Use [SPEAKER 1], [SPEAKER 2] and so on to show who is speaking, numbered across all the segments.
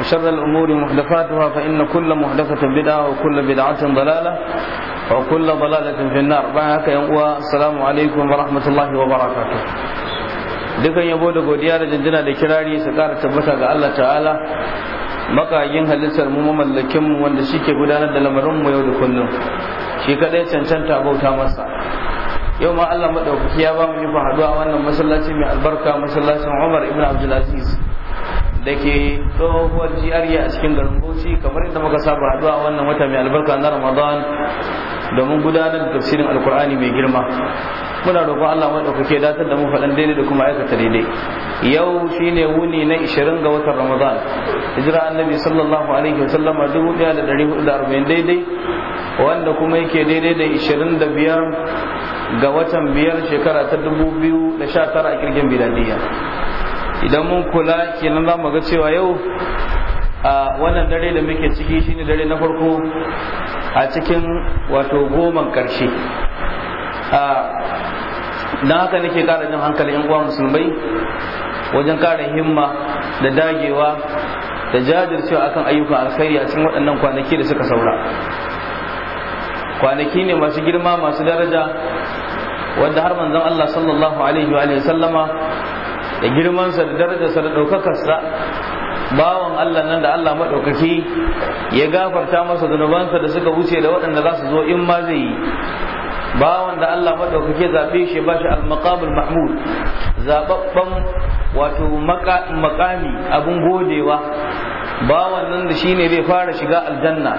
[SPEAKER 1] وشر الأمور محدثاتها فإن كل محدثة بدعة وكل بدعة ضلالة وكل ضلالة في النار معك يا السلام عليكم ورحمة الله وبركاته dukan yabo da godiya da jinjina da kirari su kara tabbata ga Allah ta'ala makayin halittar mu mamallakin mu wanda shike gudanar da lamarin mu yau da kullum shi kadai cancanta bauta masa yau ma Allah madaukaki ya ba mu yi haduwa wannan masallaci mai albarka masallacin Umar ibn Abdul Aziz da ke tsohuwar jiyariya e a cikin garin bauchi kamar yadda muka saba haduwa wannan wata mai albarka na ramadan domin gudanar da tafsirin alkur'ani mai girma muna roƙon allah maɗaukake datar da mu faɗan daidai da kuma aikata daidai yau shine wuni na 20 ga watan ramadan hijira annabi sallallahu alaihi wasallam a arba'in daidai wanda kuma yake daidai da 25 ga watan biyar shekara ta dubu biyu da sha tara a kirgin biladiyya idan mun kula kenan za mu ga cewa yau a wannan dare da muke ciki shine dare na farko a cikin wato goma karshe don haka nake kara jin hankalin yan uwa musulmai wajen kara himma da dagewa da jajircewa akan ayyukan alkhairi a cikin waɗannan kwanaki da suka saura kwanaki ne masu girma masu daraja wanda har manzon Allah sallallahu alaihi wa sallama da girmansa da darajarsa da ɗaukakarsa bawan Allah nan da Allah maɗaukaki ya gafarta masa zunubansa da suka wuce da waɗanda za su zo in ma zai yi bawan da Allah maɗaukaki zaɓe shi ba shi al-maqamul mahmud zaɓaɓɓen wato makami abin godewa bawan nan da shine zai fara shiga aljanna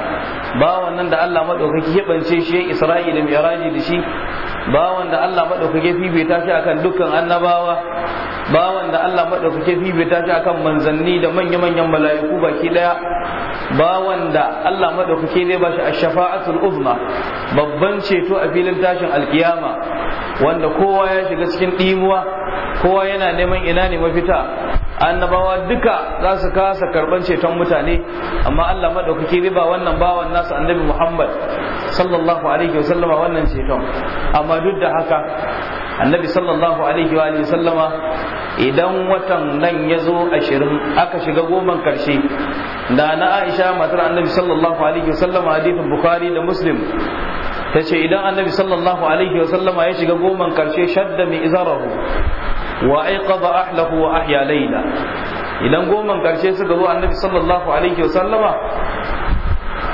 [SPEAKER 1] bawan nan da Allah maɗaukaki ya bance shi ya Isra'i da Mi'raji da shi bawan da Allah maɗaukake ta shi akan dukkan annabawa bawan da Allah maɗaukake ta shi akan manzanni da manya-manyan mala'iku baki ɗaya bawan da Allah maɗaukake zai bashi ash-shafa'atul uzma babban ceto a filin tashin alkiyama wanda kowa ya shiga cikin ɗimuwa kowa yana neman ina ne mafita annabawa duka za su kasa karban ceton mutane amma Allah madaukaki riba wannan bawan nasu annabi Muhammad sallallahu alaihi wa sallama wannan ceton amma duk da haka annabi sallallahu alaihi wa sallama idan watan nan ya zo ashirin aka shiga goman karshe da na Aisha matar annabi sallallahu alaihi wa sallama hadithin Bukhari da Muslim ta ce idan annabi sallallahu alaihi wa sallama ya shiga goman karshe shadda mai izarahu wa aiqadha ahlahu wa ahya layla idan goman karshe suka zo annabi sallallahu alaihi wa sallama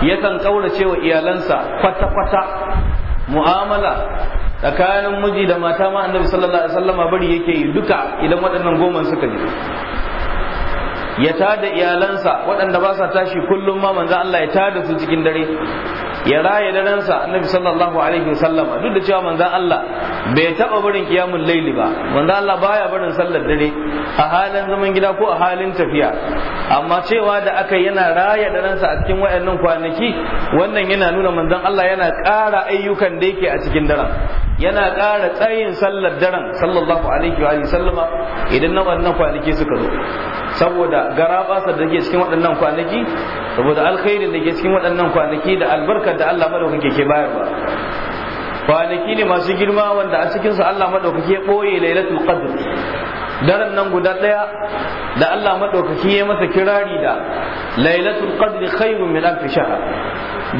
[SPEAKER 1] yakan kaurace wa iyalansa kwata-kwata mu'amala tsakanin miji da mata ma annabi sallallahu alaihi wa sallama bari yake yi duka idan waɗannan goman suka je ya tada iyalansa waɗanda ba sa tashi kullum ma manzo Allah ya tada su cikin dare ya raya daransa annabi sallallahu alaihi wasallama duk da cewa manzan Allah bai taba barin kiyamul laili ba manzon Allah baya barin sallar dare a halin zaman gida ko a halin tafiya amma cewa da aka yana raya daransa a cikin wayannan kwanaki wannan yana nuna manzon Allah yana ƙara ayyukan da yake a cikin daren yana ƙara tsayin sallar daren sallallahu alaihi wa sallama idan na wannan kwanaki suka zo saboda sa da yake cikin waɗannan kwanaki saboda alkhairin da ke cikin waɗannan kwanaki da albarkar da Allah madaukake ke bayarwa kwanaki ne masu girma wanda a cikinsu Allah madaukake ya ɓoye lailatul qadr daren nan guda ɗaya da Allah madaukake ya masa kirari da lailatul qadr khairun min alf shahr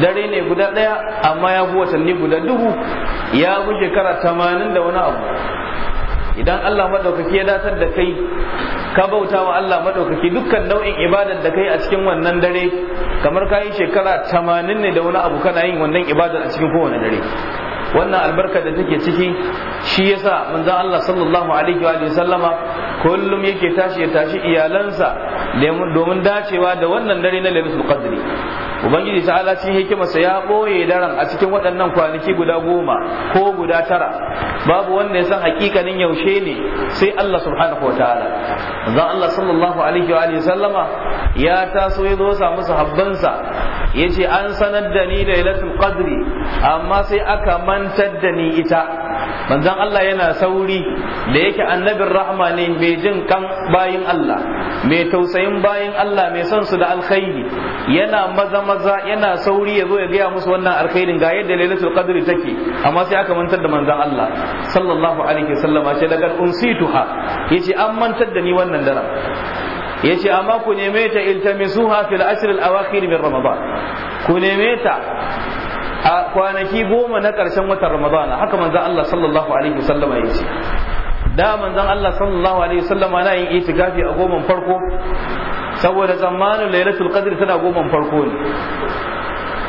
[SPEAKER 1] dare ne guda ɗaya amma ya fi watanni guda dubu ya fi shekara tamanin da wani abu idan Allah maɗaukaki ya datar da kai ka bauta wa Allah maɗaukaki dukkan nau'in ibadar da kai a cikin wannan dare kamar ka yi shekara tamanin ne da wani abu kana yin wannan ibadar a cikin kowane dare wannan albarka da take ciki shi yasa manzo Allah sallallahu alaihi wa sallama kullum yake tashi ya tashi iyalansa domin dacewa da wannan dare na Lailatul Qadri ubangiji ta'ala ala cikin hikimarsa ya ɓoye daren a cikin waɗannan kwanaki guda goma ko guda tara babu wanda ya san hakikanin yaushe ne sai Allah subhanahu wa zan Allah sallallahu alaihi wa sallama ya taso ya zo samu sahabbansa yace an sanar da ni lailatul qadri amma sai aka mantar da ni ita manzon Allah yana sauri da yake annabin rahma ne mai jin kan bayin Allah mai tausayin bayin Allah mai son su da alkhairi yana maza maza yana sauri ya zo ya gaya musu wannan alkhairin ga yadda lailatul qadri take amma sai aka mantar da manzon Allah sallallahu alaihi wasallam ce lagar unsituha yace an mantar da ni wannan daren yace amma ku neme ta iltamisuha fil ashr al awakhir min ramadan ku neme ta a kwanaki goma na karshen watan ramadana haka manzon Allah sallallahu alaihi wasallama ya ce da manzon Allah sallallahu alaihi wasallama na yin itikafi a goman farko saboda tsammanin lailatul qadr tana goman farko ne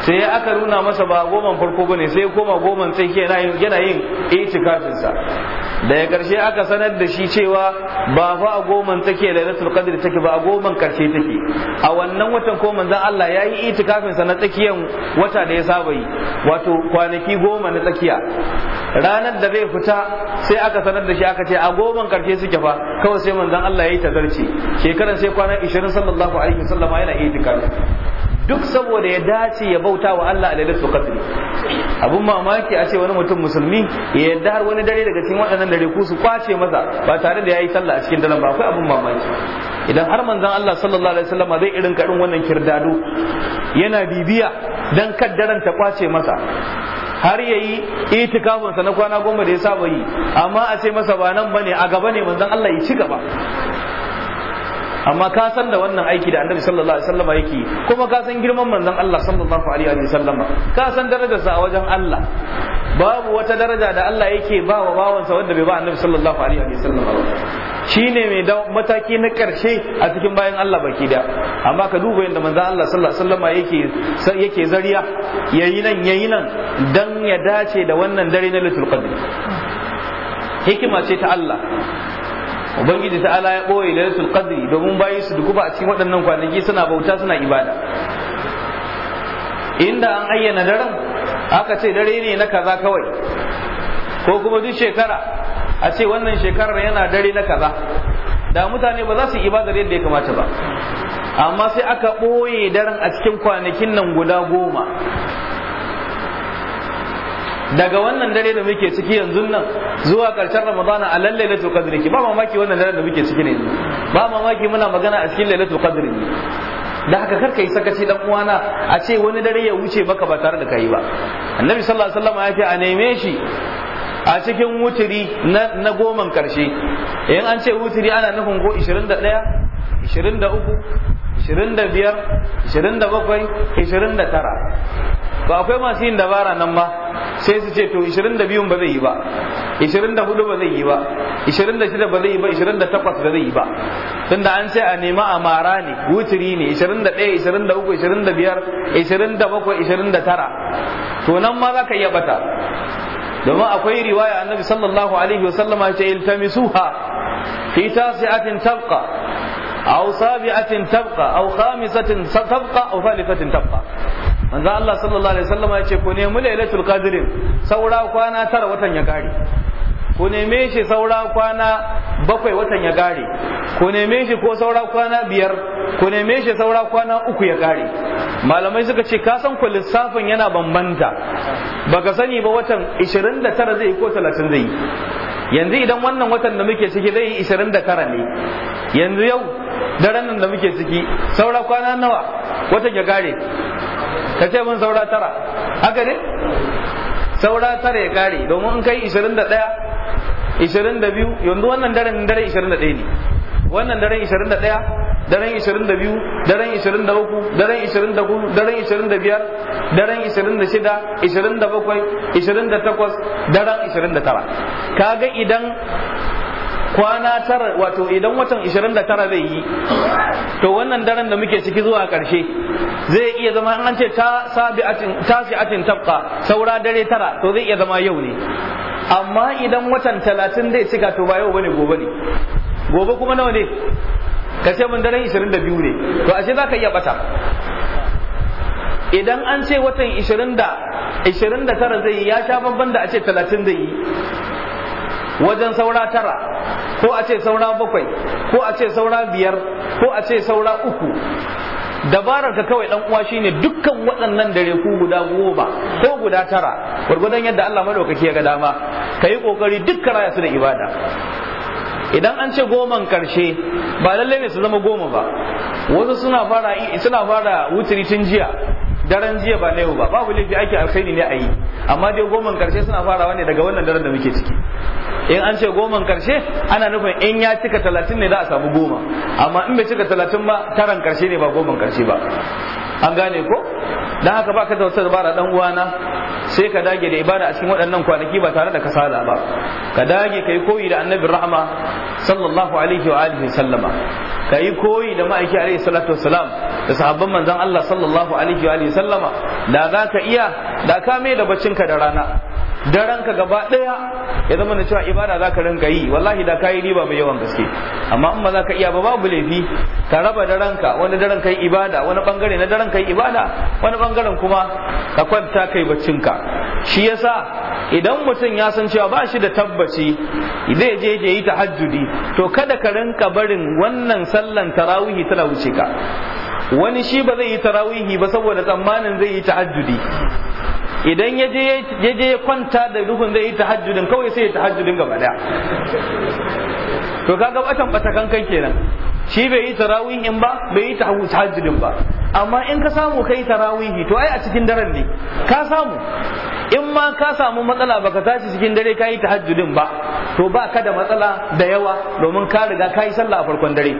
[SPEAKER 1] sai aka nuna masa ba goma farko bane sai koma goma sai yana yin yana yin itikafin sa ya karshe aka sanar da shi cewa ba fa a goma take lailatul qadr take ba a goma karshe take a wannan watan ko manzon Allah yayi itikafin sa na tsakiyar wata da ya saba yi wato kwanaki goma na tsakiya ranar da zai fita sai aka sanar da shi aka ce a goma karshe suke fa kawai sai manzon Allah yayi tazarci shekaran sai kwana 20 sallallahu alaihi wasallam yana itikafin duk saboda ya dace ya bauta wa Allah a lailatul qadr abun mamaki a ce wani mutum musulmi ya yarda har wani dare daga cikin waɗannan dare ku su kwace masa ba tare da yayi sallah a cikin daren ba akwai abun mamaki idan har manzon Allah sallallahu alaihi wasallam zai irin karin wannan kirdado yana bibiya dan kaddaran ta kwace masa har ya yi itikafinsa na kwana goma da ya saba yi amma a ce masa ba nan bane a gaba ne manzon Allah ya ci gaba amma ka san da wannan aiki da annabi sallallahu alaihi wasallam yake kuma ka san girman manzon Allah sallallahu alaihi wasallam ka san darajarsa a wajen Allah babu wata daraja da Allah yake ba wa bawansa wanda bai ba annabi sallallahu alaihi wasallam shine mai da mataki na karshe a cikin bayan Allah baki da amma ka duba yadda manzon Allah sallallahu alaihi wasallam yake yake zariya yayi nan yayi nan dan ya dace da wannan dare na Lailatul Qadr hikima ce ta Allah ubangiji ta ala ya boye lailatul qadri domin bayin su ba a cikin waɗannan kwanaki suna bauta suna ibada inda an ayyana daren aka ce dare ne na kaza kawai ko kuma duk shekara a ce wannan shekarar yana dare na kaza da mutane ba za su ibadar yadda ya kamata ba amma sai aka ɓoye daren a cikin kwanakin nan guda goma daga wannan dare da muke ciki yanzu nan zuwa karshen ramadana a lalle lailatul qadri ki ba mamaki wannan dare da muke ciki ne ba mamaki muna magana a cikin lailatul qadri ne da haka karka yi sakaci dan uwana a ce wani dare ya wuce maka ba tare da kai ba annabi sallallahu alaihi wasallam ya ce a neme shi a cikin wuturi na goman karshe in an ce wuturi ana nufin go 21 23 25 27 29 ba akwai masu yin dabara nan ba sai su ce to 22 ba zai yi ba 24 ba zai yi ba 26 ba zai yi ba 28 ba zai yi ba tunda an sai a nema a mara ne wutiri ne 21 23 25 27 29 to nan ma za ka iya bata domin akwai riwaya annabi sallallahu alaihi wa wasallama ce iltamisuha fi tasi'atin tabqa أو سابعة تبقى أو خامسة تبقى أو ثالثة تبقى manzo Allah sallallahu alaihi wasallam ya ce ku nemi lailatul qadr saura kwana tara watan ya gare. ku neme shi saura kwana bakwai watan ya gare. ku neme shi ko saura kwana biyar ku neme shi saura kwana uku ya gare. malamai suka ce ka san ku lissafin yana bambanta baka sani ba watan 29 zai ko 30 zai yanzu idan wannan watan da muke ciki zai yi 29 ne yanzu yau daren nan da muke ciki saura kwana nawa watan ya gare? ka ce mun saura tara haka ne saura tara ya kare domin in kai 21 22 yanzu wannan daren dare 21 ne wannan daren 21 daren 22 daren 23 daren 24 daren 25 daren 26 27 28 daren 29 kaga idan kwana tara wato idan watan 29 zai yi to wannan daren da muke ciki zuwa karshe zai iya zama an ce ta si atin tabqa saura dare tara to zai iya zama yau ne amma idan watan 30 zai cika to ba yau bane gobe ne gobe kuma nawa ne ka ce mun daren 22 ne to ashe zaka iya bata idan an ce watan 20 da 29 zai yi ya sha babban da a ce 30 zai yi wajen saura tara ko a ce saura bakwai ko a ce saura biyar ko a ce saura uku dabarar ka kawai dan uwa shine dukkan waɗannan dare ku guda goma ko guda tara gurgudan yadda Allah madaukaki ya ga dama kayi kokari dukkan raya su da ibada idan an ce goman karshe ba lalle ne su zama goma ba wasu suna fara suna fara wuturi tun jiya daren jiya ba na yau ba babu laifi ake alkhairi ne a yi amma dai goman karshe suna farawa ne daga wannan daren da muke ciki in an ce goman karshe ana nufin in ya cika talatin ne za a samu goma amma in bai cika talatin ba taran karshe ne ba goman karshe ba an gane ko dan haka baka da ba dabara dan uwana sai ka dage da ibada a cikin waɗannan kwanaki ba tare da kasala ba ka dage ka yi koyi da annabi rahma sallallahu alaihi wa alihi sallama yi koyi da ma'aiki alaihi salatu wassalam da sahabban manzan Allah sallallahu alaihi wa alihi sallama da za ka iya da ka mai da baccinka da rana da ranka gaba daya ya zama na cewa ibada za ka rinka yi wallahi da kayi riba mai yawan gaske amma in ba za ka iya ba babu laifi ka raba da ranka wani daren kai ibada wani bangare na daren kai ibada wani bangaren kuma ka kwanta kai baccinka shi yasa idan mutum ya san cewa ba shi da tabbaci zai je ya yi tahajjudi to kada ka rinka barin wannan sallan tarawihi tana wuce ka wani shi ba zai yi tarawihi ba saboda tsammanin zai yi ta'ajjudi idan ya je ya kwanta da duhun zai yi tahajjudin kawai sai ya tahajjudin gaba daya to kaga batan batakan kai kenan shi bai yi tarawihin ba bai yi tahajjudin ba amma in ka samu kai tarawihi to ai a cikin daren ne ka samu in ma ka samu matsala baka tashi cikin dare ka yi tahajjudin ba to ba ka da matsala da yawa domin ka riga ka yi sallah a farkon dare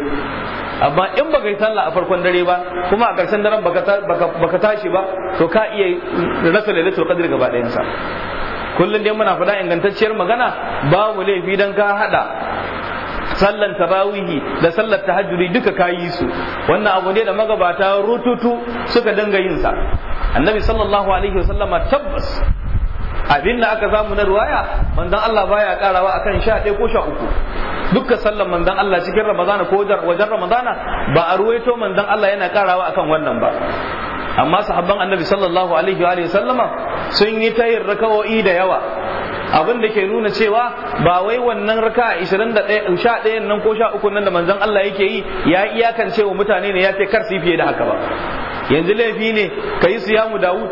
[SPEAKER 1] amma in baka yi sallah a farkon dare ba kuma a ƙarshen daren baka tashi ba to ka iya rasa lailatul qadr gaba ɗayansa kullum dai muna faɗa ingantacciyar magana babu laifi dan ka haɗa sallan tarawihi da sallar tahajjudi duka kayi su wannan abu ne da magabata rututu suka dinga yin sa annabi sallallahu alaihi wasallama tabbas abin da aka zamu na ruwaya manzon Allah baya karawa akan sha ɗaya ko sha uku dukkan sallan manzon Allah cikin Ramadana ko wajen Ramadana ba a ruwaito manzon Allah yana karawa akan wannan ba amma sahabban annabi sallallahu alaihi wa sallama sun yi tayin rakawo'i da yawa abin da ke nuna cewa ba wai wannan raka 21 nan ko 13 nan da manzon Allah yake yi ya iyakance wa mutane ne ya ce kar su fiye da haka ba yanzu laifi ne ka yi siyamu dawud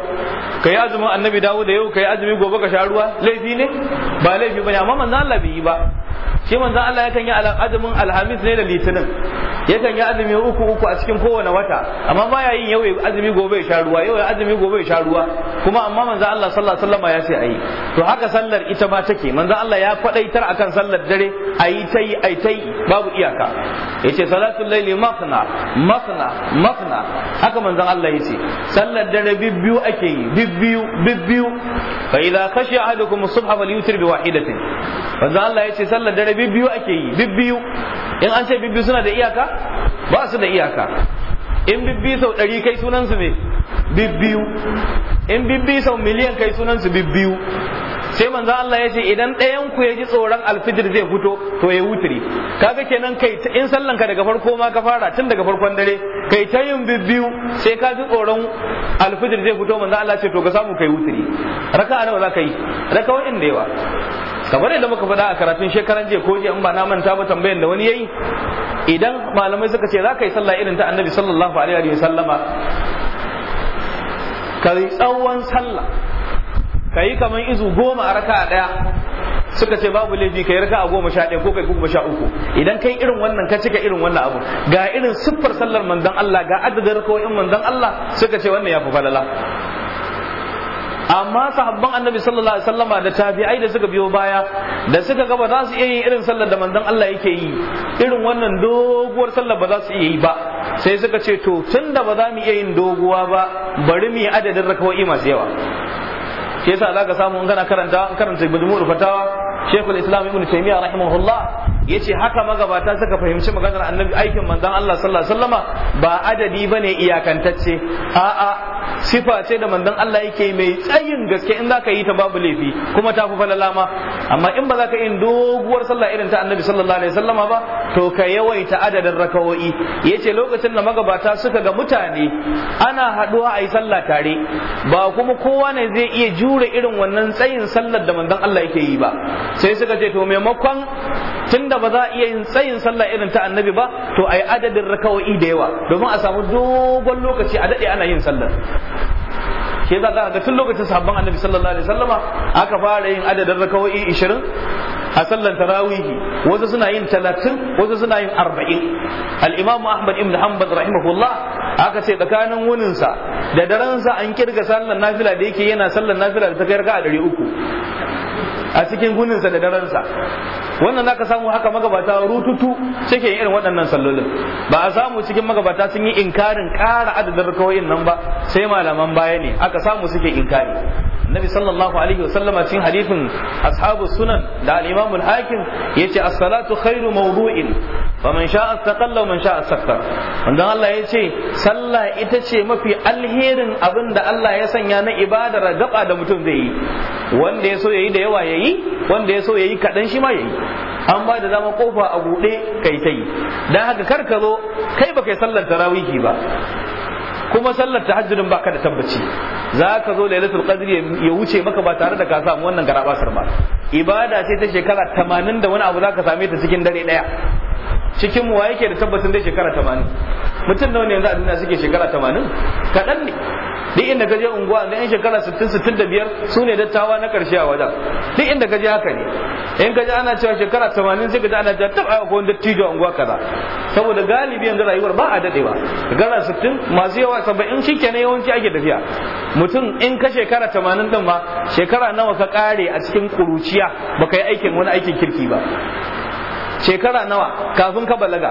[SPEAKER 1] ka yi azumin annabi dawud da yau ka yi azumi gobe ka sha ruwa laifi ne ba laifi ba ne amma manzon Allah bai yi ba shi manzon Allah yakan yi azumin alhamis ne da litinin yakan yi azumi uku uku a cikin kowane wata amma baya yin yau azumi gobe ya sha ruwa yau azumi gobe ya sha ruwa kuma amma manzon Allah sallallahu alaihi wasallam ya ce ayi to haka sallar ita ma take manzon Allah ya kwadaitar akan sallar dare ayi tai ai tai babu iyaka yace salatul laili masna masna masna haka manzon Allah yace sallar dare bibbiyu ake yi bibbiyu bibbiyu fa idza khashiya ahadukum subha falyutir bi wahidatin manzon Allah yace sallar sallar dare bibbiyu ake yi bibbiyu in an ce bibbiyu suna da iyaka ba su da iyaka in bibbi sau ɗari kai sunansu ne bibbiyu in bibbi sau miliyan kai sunansu bibbiyu sai manzo Allah ya ce idan ɗayan ku ya ji tsoron alfijir zai fito to ya wuturi kaga kenan kai in sallan ka daga farko ma ka fara tun daga farkon dare kai ta yin bibbiyu sai ka ji tsoron alfijir zai fito manzo Allah ya ce to ga samu kai wuturi raka'a nawa za ka yi raka'o'in da yawa kamar yadda muka faɗa a karatun shekaran jiya ko jiya in ba na manta ba tambayan da wani yayi idan malamai suka ce za ka yi sallah irin ta annabi sallallahu alaihi wa sallama ka yi tsawon sallah ka yi kamar izu goma a raka ɗaya suka ce babu laifi kai raka a goma sha ɗaya ko kai goma sha uku idan kai irin wannan ka cika irin wannan abu ga irin siffar sallar manzon Allah ga adadin rakawoyin manzon Allah suka ce wannan ya fi falala amma sahabban annabi sallallahu alaihi wasallam da tabi'ai da suka biyo baya da suka ga ba za su iya yin irin sallar da manzon Allah yake yi irin wannan doguwar sallar ba za su iya yi ba sai suka ce to tun da ba za mu iya yin doguwa ba bari mu yi adadin rakawoyi masu yawa shi yasa zaka samu in kana karanta karanta bidmu fatawa shaykhul islam ibn taymiyyah rahimahullah yace haka magabata suka fahimci maganar annabi aikin manzon Allah sallallahu alaihi wasallama ba adadi bane iyakantacce a'a sifa ce da manzon Allah yake mai tsayin gaske in zaka yi ta babu laifi kuma ta fi falala amma in ba za ka yi doguwar sallah irin ta annabi sallallahu alaihi wasallama ba to ka yawaita adadin rakawo'i yace lokacin da magabata suka ga mutane ana haduwa a yi sallah tare ba kuma kowa ne zai iya jure irin wannan tsayin sallar da manzon Allah yake yi ba sai suka ce to maimakon tunda tunda ba za a iya yin tsayin sallah irin ta annabi ba to ai adadin rakawo'i da yawa domin a samu dogon lokaci a dade ana yin sallar shi yasa za ga tun lokacin sahabban annabi sallallahu alaihi wasallama aka fara yin adadin raka'o'i 20 a sallar tarawihi wasu suna yin 30 wasu suna yin 40 al-imam ahmad ibn hanbal rahimahullah aka ce tsakanin wunin sa da daren sa an kirga sallar nafila da yake yana sallar nafila da ta kai raka'a 300 a cikin guninsa da daransa wannan zaka samu haka magabata rututu suke yin irin waɗannan sallolin ba a samu cikin magabata sun yi inkarin ƙara adadin rakawoyin nan ba sai malaman baya ne aka samu suke inkari annabi sallallahu alaihi wasallama cikin hadithin ashabu sunan da al-imam ya ce a salatu khairu mawdu'in fa man sha'a istaqalla wa man sha'a istakthar wanda Allah yace sallah ita ce mafi alherin abin da Allah ya sanya na ibadar gaba da mutum zai yi wanda ya so yayi da yawa yayi wanda ya so yayi kaɗan shi ma yayi an ba da zama kofa a buɗe kai tai dan haka kar ka zo kai baka yi sallar tarawihi ba kuma sallar tahajjudin baka da tabbaci za ka zo lailatul qadri ya wuce maka ba tare da ka samu wannan garabasar ba ibada ce ta shekara 80 da wani abu za ka same ta cikin dare daya cikin wa yake da tabbacin da shekara 80 mutum nawa ne yanzu a duniya suke shekara 80 kadan ne duk inda ka je unguwa da yan shekara 60 65 su ne dattawa na karshe a wajen duk inda ka je haka ne in ka je ana cewa shekara 80 sai ka je ana cewa tab ai akwai dattijo a unguwa kaza saboda galibi yanzu rayuwar ba a dadewa shekara 60 masu yawa 70 shikenan yawanci ake tafiya mutum in ka shekara 80 din ma shekara nawa ka kare a cikin kuruciya baka yi aikin wani aikin kirki ba shekara nawa kafin ka balaga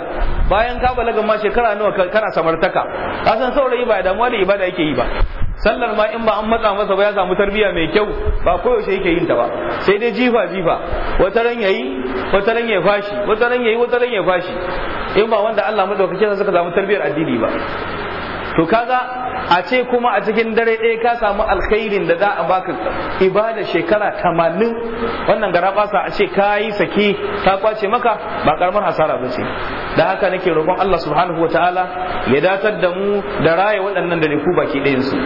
[SPEAKER 1] bayan ka balaga ma shekara nawa kana samartaka kasan saurayi ba damuwa da ibada yake yi ba sallar ma in ba an matsa masa ba ya samu tarbiyya mai kyau ba koyaushe yake yin ta ba sai dai jifa jifa wata ran yayi wata ran ya fashi wata ran yayi wata ran ya fashi in ba wanda Allah madaukake sa suka samu tarbiyyar addini ba to kaga a ce kuma a cikin dare ɗaya eh, ka samu alkhairin da za a baka ibada shekara tamanin wannan gara basa a ce ka yi saki ta kwace maka ba karamar hasara ba ce da haka nake roƙon Allah subhanahu wa ta'ala ya datar da mu da raye waɗannan da ku baki ɗayan su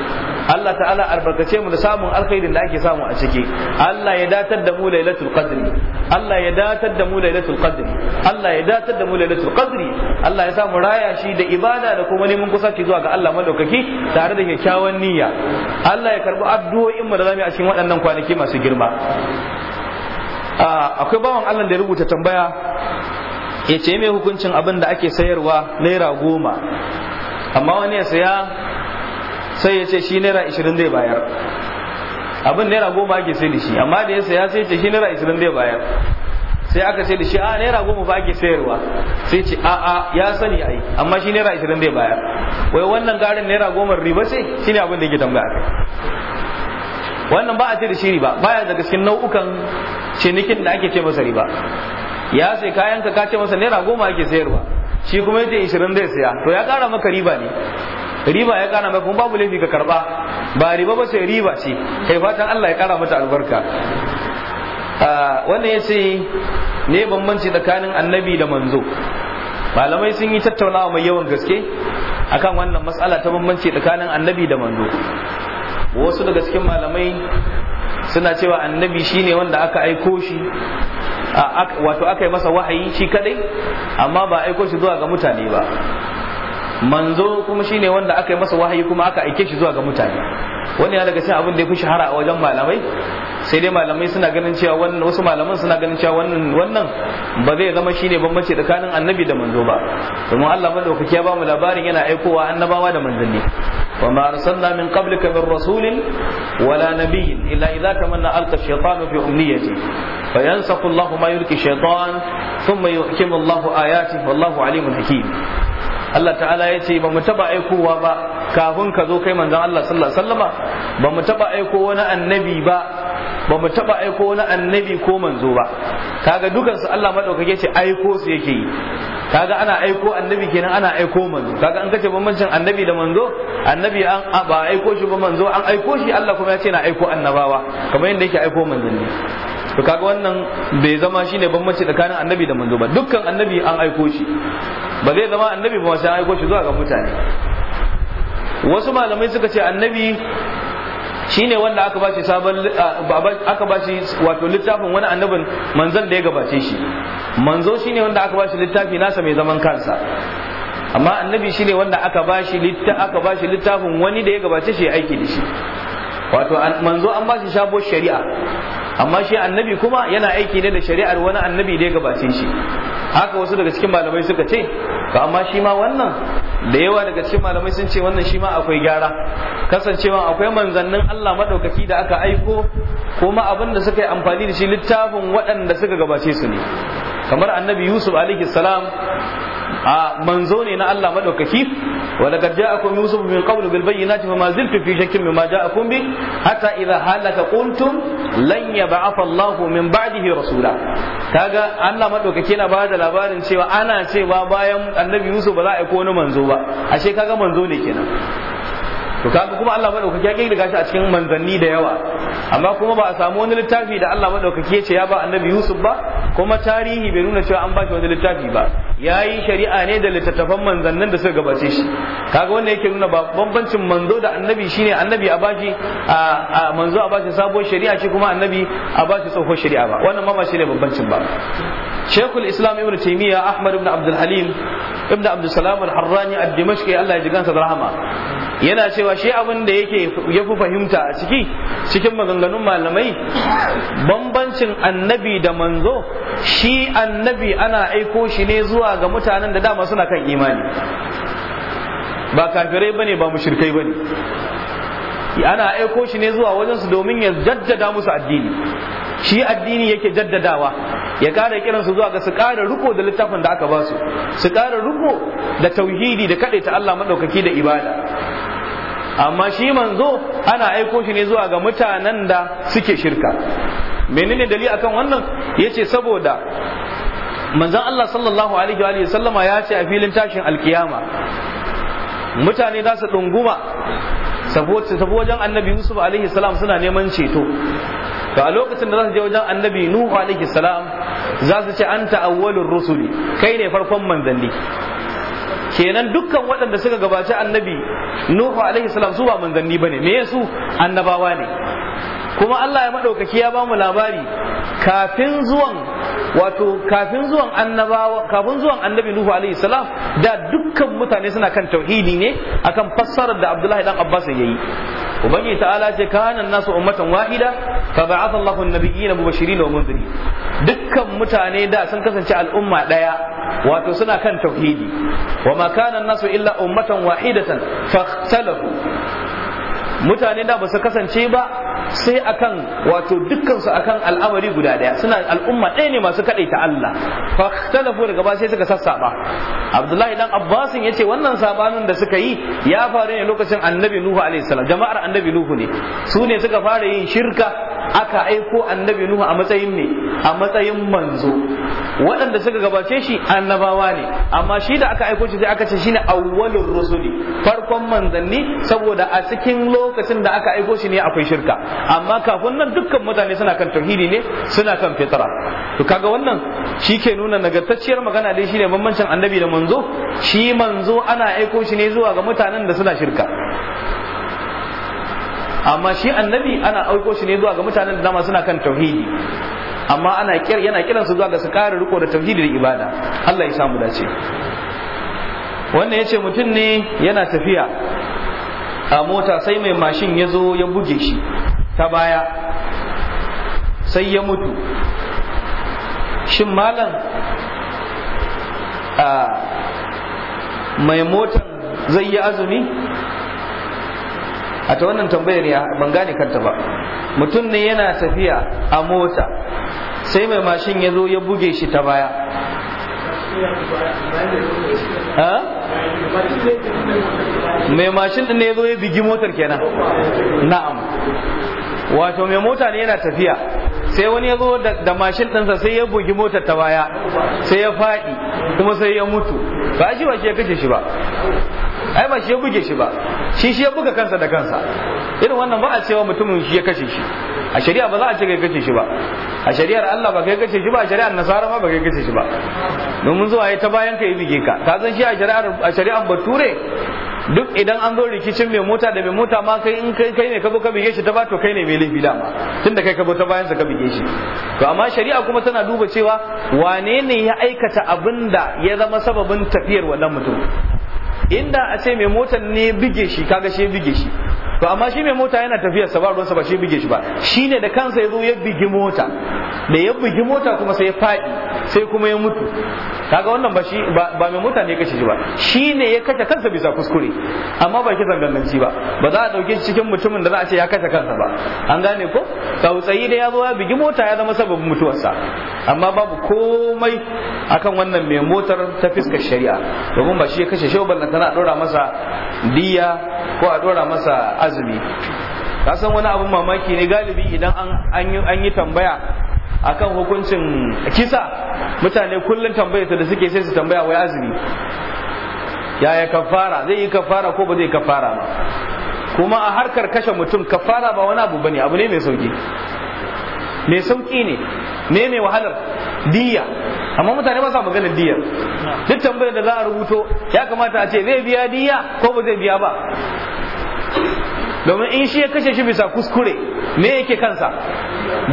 [SPEAKER 1] Allah ta'ala albarkace mu da samun alkhairin da ake samu a ciki Allah ya datar da mu lailatul qadri Allah ya datar da mu lailatul qadri Allah ya datar da mu lailatul qadri Allah ya samu raya shi da ibada da kuma neman kusa kusaci zuwa ga Allah madaukaki tare da kyakkyawan niyya Allah ya karbi addu'o'in mu da zamu a cikin waɗannan kwanaki masu girma akwai bawan Allah da ya rubuta tambaya ya ce me hukuncin abin da ake sayarwa naira goma amma wani ya saya sai ya ce shi naira ishirin zai bayar abin naira goma ake sai da shi amma da ya saya sai ce shi naira ishirin zai bayar sai aka sai da shi a naira goma fa ake sayarwa sai ce a a ya sani ai amma shi naira ishirin zai bayar wai wannan garin naira goma riba ce shine abin da yake tambaya kai wannan ba a ce da shi riba baya daga cikin nau'ukan cinikin da ake ce masa riba ya sai kayan ka ce masa naira goma ake sayarwa shi kuma yace ishirin zai saya to ya kara maka riba ne riba ya kara kuma babu laifi ka karba ba riba ba sai riba ce kai fatan Allah ya kara mata albarka ah, wannan ya ne bambanci tsakanin annabi da manzo malamai sun yi tattaunawa mai yawan gaske akan wannan matsala ta bambanci tsakanin annabi da manzo wasu daga cikin malamai suna cewa annabi shine wanda aka aiko shi wato aka yi masa wahayi shi kadai amma ba aiko shi zuwa ga mutane ba manzo kuma shine wanda aka yi masa wahayi kuma aka aike shi zuwa ga mutane wani ya daga cikin abin da ya fi shahara a wajen malamai sai dai malamai suna ganin cewa wannan wasu malaman suna ganin cewa wannan wannan ba zai zama shine bambanci tsakanin annabi da manzo ba domin Allah madaukaki ya ba mu labarin yana aikowa annabawa da manzanni wa ma arsalna min qablika min rasulin wala nabiyyin illa idza tamanna alqa shaytanu fi umniyati fayansakhu Allahu ma yulqi shaytan thumma yuhkimu Allahu ayatihi wallahu alimun hakim Allah ta'ala ya ce ba mu taba aikowa ba kafin ka zo kai manzon Allah sallallahu alaihi wasallama ba mu taba aiko wani annabi ba ba mu taba aiko wani annabi ko manzo ba kaga dukansu Allah madaukake ce aiko su yake yi kaga ana aiko annabi kenan ana aiko manzo kaga an kace bambancin annabi da manzo annabi an ba aiko shi ba manzo an aiko shi Allah kuma ya ce na aiko annabawa kamar yadda yake aiko manzanni to kaga wannan bai zama shine bambanci tsakanin annabi da manzo ba dukkan annabi an aiko shi ba zai zama annabi ba sai an aiko shi zuwa ga mutane wasu malamai suka ce annabi shine wanda aka bashi sabon aka bashi wato littafin wani annabin manzon da ya gabace shi manzo shine wanda aka bashi littafi nasa mai zaman kansa amma annabi shine wanda aka bashi aka bashi littafin wani da ya gabace shi aiki da shi wato manzo an ba shi shafo shari'a amma shi annabi kuma yana aiki ne da shari'ar wani annabi da ya gabace shi haka wasu daga cikin malamai suka ce to amma shi ma wannan da yawa daga cikin malamai sun ce wannan shi ma akwai gyara kasancewa akwai manzannin Allah madaukaki da aka aiko kuma abin da suka yi amfani da shi littafin waɗanda suka gabace su ne kamar annabi Yusuf alaihi salam a manzo ne na Allah madaukaki wa laqad ja'akum yusuf min qabl bil bayyinati fama ziltum fi shakkin mimma ja'akum bi hatta idha halaka qultum lan yab'atha Allahu min ba'dihi rasula kaga Allah madaukaki yana bada labarin cewa ana cewa bayan annabi yusuf ba za a aiko wani manzo ba ashe kaga manzo ne kenan to kaga kuma Allah madaukaki ya daga shi a cikin manzanni da yawa amma kuma ba a samu wani littafi da Allah madaukaki ya ce ya ba annabi Yusuf ba kuma tarihi bai nuna cewa an ba shi wani littafi ba yayi shari'a ne da littattafan manzannin da suka gabace shi kaga wannan yake nuna ba bambancin manzo da annabi shine annabi a bashi a manzo a bashi sabuwar shari'a shi kuma annabi a ba bashi tsohon shari'a ba wannan ma ba shine bambancin ba shekul islam ibn taimiyya ahmad ibn abdul halim ibn abdul salam al-harrani ad-dimashqi Allah ya da rahama yana cewa shi abin da yake ya fi fahimta a ciki cikin maganganun malamai bambancin annabi da manzo shi annabi ana aiko shi ne zuwa ga mutanen da dama suna kan imani ba kafirai bane ba mushrikai bane ana aiko shi ne zuwa wajen su domin ya jaddada musu addini shi addini yake jaddadawa ya ƙara kiransu zuwa ga su ƙara riko da littafin da aka ba su su ƙara riko da tauhidi da ta Allah maɗaukaki da ibada amma shi manzo ana aiko shi ne zuwa ga mutanen da suke shirka menene dalili akan wannan yace saboda manzon Allah sallallahu alaihi wa sallama ya ce a filin tashin alkiyama mutane za su dunguma saboda wajen annabi Yusuf alaihi salam suna neman ceto to a lokacin da za su je wajen annabi nuhu alaihi salam za su ce anta awwalur rusuli kai ne farkon manzanni kenan dukkan waɗanda suka gabaci annabi nuhu alaihi salam su ba manzanni bane me su annabawa ne kuma Allah ya madaukaki ya ba mu labari kafin zuwan wato kafin zuwan annabawa kafin zuwan annabi nuhu alaihi salam da dukkan mutane suna kan tauhidi ne akan fassarar da abdullahi dan abbas ya yi. ubangi ta'ala ce kana nasu ummatan wahida fa ba'atha Allahu an-nabiyina mubashirin wa munzirin dukkan mutane da sun kasance al'umma daya wato suna kan tauhidi wa ma kana nasu illa ummatan wahidatan fa mutane da ba su kasance ba sai akan wato dukkansu akan al'amari guda daya suna al'umma ɗaya ne masu ta Allah fa talafu daga ba sai suka sassaba Abdullahi dan Abbas yace wannan sabanin da suka yi ya faru ne lokacin Annabi Nuhu alaihi salam jama'ar Annabi Nuhu ne su ne suka fara yin shirka aka aiko Annabi Nuhu a matsayin me a matsayin manzo waɗanda suka gabace shi annabawa ne amma shi da aka aiko shi sai aka ce shine awwalur rusuli farkon manzanni saboda a cikin lokacin da aka aiko shi ne akwai shirka amma kafin nan dukkan mutane suna kan tauhidi ne suna kan fitra to kaga wannan shi ke nuna nagartacciyar magana dai shine bambancin annabi da manzo shi manzo ana aiko shi ne zuwa ga mutanen da suna shirka amma shi annabi ana aiko shi ne zuwa ga mutanen da dama suna kan tauhidi amma ana kira yana kiran su zuwa ga su kare riko da tauhidi da ibada Allah ya samu dace wannan yace mutum ne yana tafiya a mota sai mai mashin ya zo ya buge shi ta baya sai ya mutu shin malam a mai motan zai yi azumi a ta wannan tambayar ya ban gane kanta ba mutum ne yana tafiya a mota sai mai mashin ya zo ya buge shi ta baya mai mashin ɗin ne ya zo ya bigi motar kenan na'am wato mai mota ne yana tafiya sai wani ya zo da mashin ɗinsa sai ya bugi motar ta baya sai ya faɗi kuma sai ya mutu ba shi ba shi ya kashe shi ba ai ba shi ya buge shi ba shi shi ya buga kansa da kansa irin wannan ba a cewa mutumin shi ya kashe shi a shari'a ba za a ce kai kace shi ba a shari'ar Allah ba kai kace shi ba a shari'ar nasara ma ba kai kace shi ba domin zuwa ya ta bayan ka ya buge ka ka san shi a shari'ar a shari'ar bature duk idan an zo rikicin mai mota da mai mota ma kai in kai ne ka zo ka bige shi ta ba to kai ne mai laifi dama tunda kai ka zo ta bayan sa ka bige shi to amma shari'a kuma tana duba cewa wane ne ya aikata abin da ya zama sababin tafiyar wannan mutum inda a ce mai motar ne bige shi kaga shi bige shi to amma shi mai mota yana tafiya sa ba ruwansa ba shi bige shi ba shine da kansa yazo ya bigi mota da ya bigi mota kuma sai ya faɗi sai kuma ya mutu kaga wannan ba shi ba mai mota ne ya kashe shi ba shine ya kashe kansa bisa kuskure amma ba ki ganganci ba ba za a dauke shi cikin mutumin da za a ce ya kashe kansa ba an gane ko tsautsayi da ya ya bige mota ya zama sababin mutuwarsa amma babu komai akan wannan mai motar ta fiskar shari'a domin ba shi ya kashe shi ba ballantana a ɗora masa diya ko a ɗora masa azumi ka san wani abin mamaki ne galibi idan an yi tambaya akan hukuncin kisa mutane kullum tambayata da suke sai su tambaya wai azumi yaya kafara zai yi kafara ko ba zai kafara ba kuma a harkar kashe mutum kafara ba wani abu bane abu ne mai sauki mai sauki ne me mai wahalar diyya. amma mutane ba sa maganar diya duk tambayar da za a rubuto ya kamata a ce zai biya diya ko ba zai biya ba domin in shi ya kashe shi bisa kuskure me yake kansa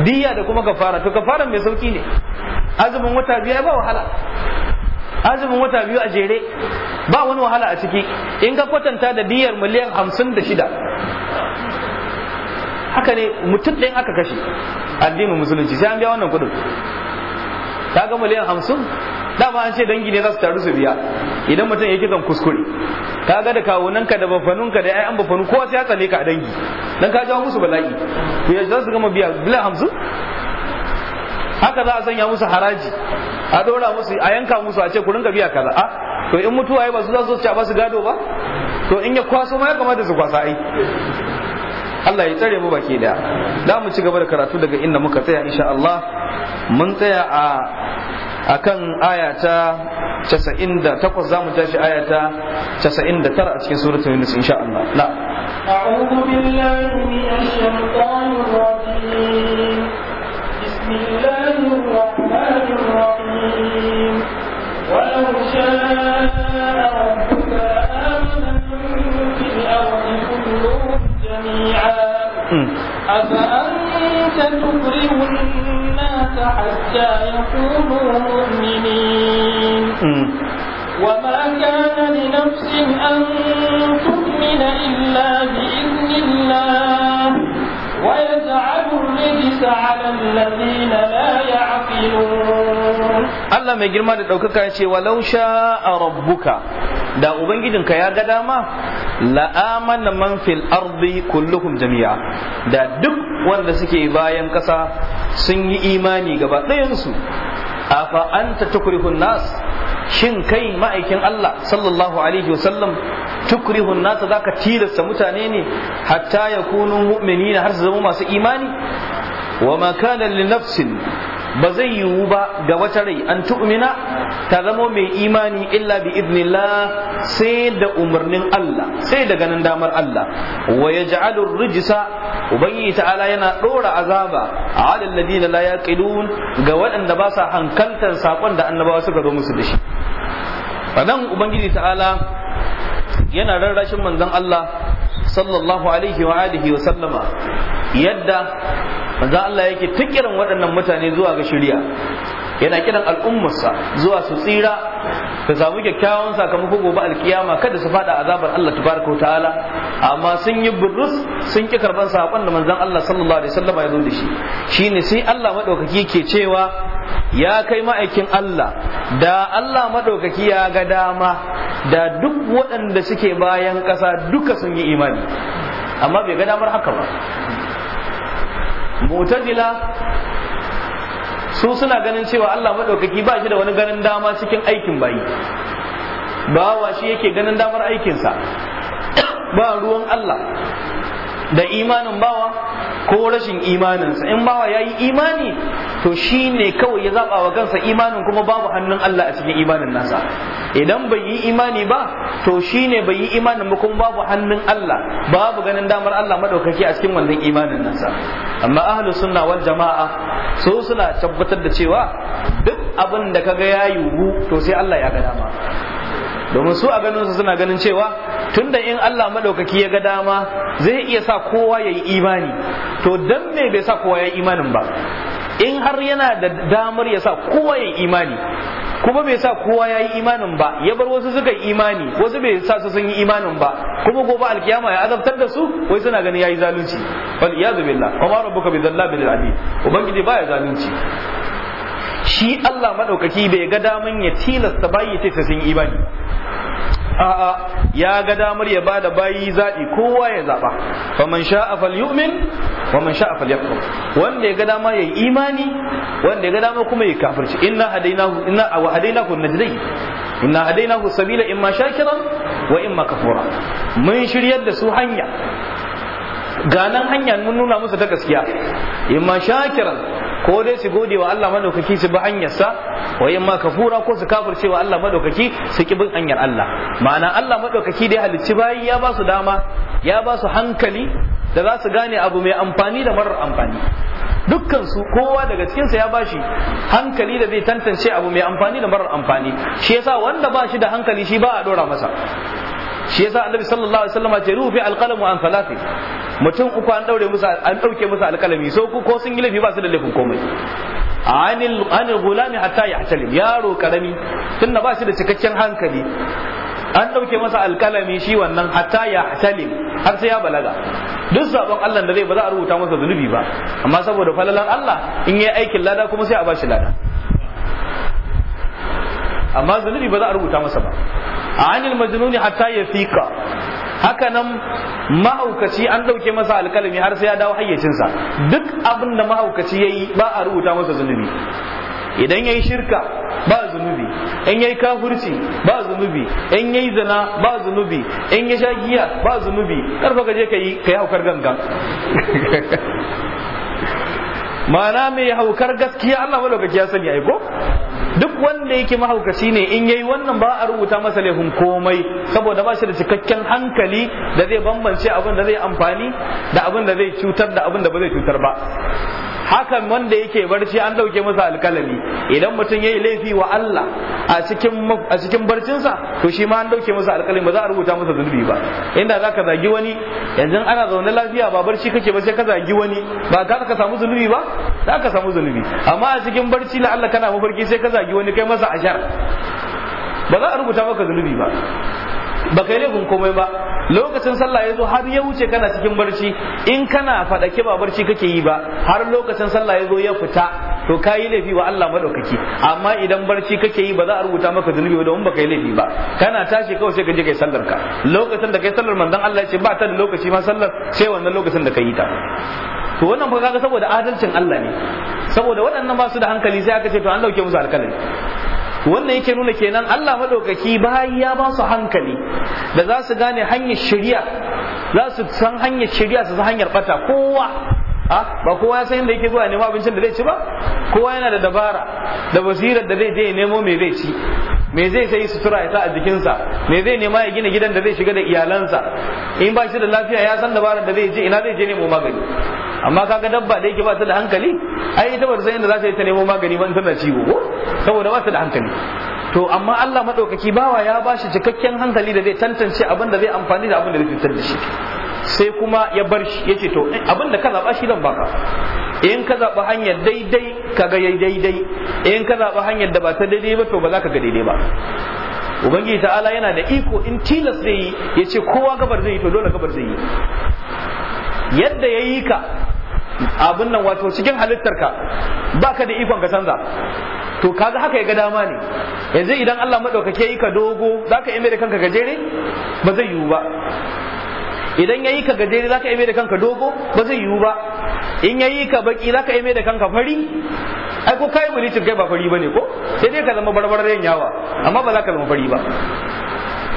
[SPEAKER 1] diya da kuma kafara to kafara mai sauki ne azumin wata biya ba wahala azumin wata biyu a jere ba wani wahala a ciki in ka kwatanta da diyar miliyan hamsin da shida haka ne mutum ɗin aka kashe addinin musulunci sai an biya wannan kuɗin gama miliyan hamsin dama an ce dangi ne za su taru su biya idan mutum ya kisan kuskure kaga da kawunanka da bafanunka da ƴaƴan bafanu kowa sai ya tsane ka a dangi dan ka jawo musu bala'i to ya za su gama biya miliyan hamsin haka za a sanya musu haraji a dora musu a yanka musu a ce ku rinka biya kaza a to in mutuwa ya ba su za su ci a ba su gado ba to in ya kwaso ma ya kamata su kwasa ai Allah ya tsare mu baki da da mu ci gaba da karatu daga inda muka tsaya insha Allah mun tsaya a akan aya ta 98 zamu tashi aya ta 99 a cikin suratul Yunus insha Allah na a'udhu
[SPEAKER 2] billahi minash shaitanir rajim bismillah أفأنت تكره الناس حتى يكونوا مؤمنين وما كان لنفس أن تؤمن إلا بإذن الله ويجعل الرجس على الذين لا
[SPEAKER 1] يعقلون الله mai girma da ɗaukaka ya ce walau sha'a rabbuka da ubangijinka ya ga dama la'amana man fil ardi kulluhum jami'a da duk wanda suke bayan kasa sun yi imani gaba ɗayansu afa anta tukrihun nas shin kai ma'aikin Allah sallallahu alaihi wasallam tukrihun nas zaka tilasta mutane ne hatta yakunu mu'minina har su zama masu imani wa ma kana li nafsin ba zai yiwu ba ga wata rai an tu'mina ta zamo mai imani illa bi idnillah sai da umarnin Allah sai da ganin damar Allah wa yaj'alu rijsa Ubangiji ta'ala yana dora azaba a ala alladina la yaqilun ga waɗanda ba sa hankaltar sakon da annabawa suka zo musu da shi nan ubangiji ta'ala yana rarrashin manzon Allah sallallahu alaihi wa alihi wa sallama yadda manzo Allah yake kiran waɗannan mutane zuwa ga shari'a yana kiran al'ummarsa zuwa su tsira su samu kyakkyawan sakamako gobe alkiyama kada su fada azabar Allah tabaraka ta'ala amma sun yi burus sun ki karban sakon da manzon Allah sallallahu alaihi wasallam ya zo da shi shine sai Allah madaukaki ke cewa ya kai ma'aikin Allah da Allah madaukaki ya ga dama da duk waɗanda suke bayan ƙasa duka sun yi imani amma bai ga damar haka ba mu'tazila su suna ganin cewa Allah maɗaukaki ba shi da wani ganin dama cikin aikin bayi bawa shi yake ganin damar aikinsa ba ruwan Allah da imanin bawa ko rashin imaninsa in bawa ya yi imani to shi ne kawai ya zaɓa wa kansa imanin kuma babu hannun Allah a cikin imanin nasa idan bai yi imani ba to shi ne bai yi imanin ba kuma babu hannun Allah babu ganin damar Allah maɗaukaki a cikin wannan imanin nasa amma ahlu sunna wal jama'a so suna tabbatar da cewa duk abin da kaga ya yiwu to sai Allah ya ga dama domin su a ganin su suna ganin cewa tunda in Allah madaukaki ya ga dama zai iya sa kowa ya yi imani to dan me bai sa kowa ya yi imanin ba in har yana da damar ya sa kowa ya yi imani kuma bai sa kowa ya yi imanin ba ya bar wasu suka yi imani wasu bai sa su sun yi imanin ba kuma gobe alkiyama ya azabtar da su wai suna ganin yayi zalunci wal iyadu billah wa rabbuka bi dhallabil abid ubangiji ya zalunci shi Allah maɗaukaki bai ga damar ya tilasta bayi ce ta sun yi bani a'a ya ga damar ya bada bayi zaɓi kowa ya zaɓa faman sha'a sha a fal falyakfur wanda ya ga dama ya yi imani wanda ya ga dama kuma ya kafirci inna hadainahu inna wa hadainahu najdai inna hadainahu sabila imma shakiran wa imma kafura mun shiryar da su hanya ganan hanya mun nuna musu ta gaskiya imma shakiran ko dai su gode wa Allah madaukaki su bi hanyarsa wa yamma kafura ko su kafirce wa Allah madaukaki su ki bin hanyar Allah ma'ana Allah madaukaki dai halicci bayi ya ba su dama ya ba su hankali da za su gane abu mai amfani da marar amfani dukkan su kowa daga cikin sa ya bashi hankali da zai tantance abu mai amfani da marar amfani shi yasa wanda ba shi da hankali shi ba a dora masa shi yasa annabi sallallahu alaihi wasallam ce rufi alqalamu an salati mutum uku an daure musu an dauke musu alqalami so ko sun yi laifi ba su da laifin komai anil anil gulami hatta yahtalim yaro karami tunda ba shi da cikakken hankali an dauke masa alkalami shi wannan hatta ya hasalim har sai ya balaga duk sabon Allah da zai ba za a rubuta masa zunubi ba amma saboda falalan Allah in yi aikin lada kuma sai a bashi lada amma zunubi ba za a rubuta masa ba anil majnuni hatta yafika haka nan mahaukaci an ɗauke masa alkalami har sai ya dawo hayyacinsa duk abin da mahaukaci yayi ba a rubuta masa zunubi idan yayi shirka ba zunubi in yayi yi kafurci ba zunubi in yayi zina ba zunubi in ya sha giya ba zunubi karfa ka je ka yi haukar ganga ma'ana mai haukar gaskiya Allah madaukaki ya sani aiko ko duk wanda yake mahaukaci ne in yayi wannan ba a rubuta masa laifin komai saboda ba shi da cikakken hankali da zai bambance abin da zai amfani da abin da zai cutar da abin da ba zai cutar ba hakan wanda yake barci an dauke masa alkalami idan mutum yayi laifi wa Allah a cikin a cikin barcinsa to shi ma an dauke masa alkalami ba za a rubuta masa zunubi ba inda zaka zagi wani yanzu ana zaune lafiya ba barci kake ba sai ka zagi wani ba ka ka samu zunubi ba za ka samu zunubi amma a cikin barci la Allah kana mafarki sai ka zagi wani kai masa ashar ba za a rubuta maka zunubi ba ba kai laifin komai ba lokacin sallah ya zo har ya wuce kana cikin barci in kana faɗake ba barci kake yi ba har lokacin sallah ya zo ya fita to ka yi laifi wa Allah madaukaki amma idan barci kake yi ba za a rubuta maka zunubi domin ba kai laifi ba kana tashi kawai sai ka je kai sallar ka lokacin da kai sallar manzon Allah ya ce ba ta da lokaci ma sallar sai wannan lokacin da ka yi ta to wannan fa kaga saboda adalcin Allah ne saboda waɗannan ba su da hankali sai aka ce to an dauke musu alƙalami wannan yake nuna kenan Allah madaukaki bayi ya ba su hankali da za su gane hanyar shari'a za su san hanyar shari'a su san hanyar bata kowa a ba kowa ya san inda yake zuwa nemo abincin da zai ci ba kowa yana da dabara da basirar da zai je ya nemo me zai ci me zai sai sutura ya sa a jikinsa me zai nema ya gina gidan da zai shiga da iyalansa in ba shi da lafiya ya san dabarar da zai je ina zai je nemo magani amma kaga dabba da yake ba ta da hankali ai ita ba ta san inda za ta yi ta nemo magani ba tana ciwo ko saboda ba ta da hankali to amma Allah madaukaki bawa ya bashi cikakken hankali da zai tantance abin da zai amfani da abin da zai fitar da shi sai kuma ya bar shi ya ce to eh, abin da ka zaɓa shi zan baka in ka zaɓa hanyar daidai ka ga daidai in ka zaɓa hanyar da ba ta daidai ba to ba za ka ga daidai ba ubangiji ta'ala yana da iko in tilas zai yi ya ce kowa gabar zai yi to dole gabar zai yi yadda ya yi ka abin nan wato cikin halittarka ba ka da ikon ka canza to kaga haka ya ga dama ne yanzu idan Allah maɗaukake yi ka dogo zaka ka iya da kanka gajere ba zai yiwu ba idan ya yi ka za zaka iya mai da kanka dogo ba zai yiwu ba in yayi ka baki zaka iya mai da kanka fari ai ko kai bulicin kai ba fari bane ko sai dai ka zama barbarren yawa amma ba za ka zama fari ba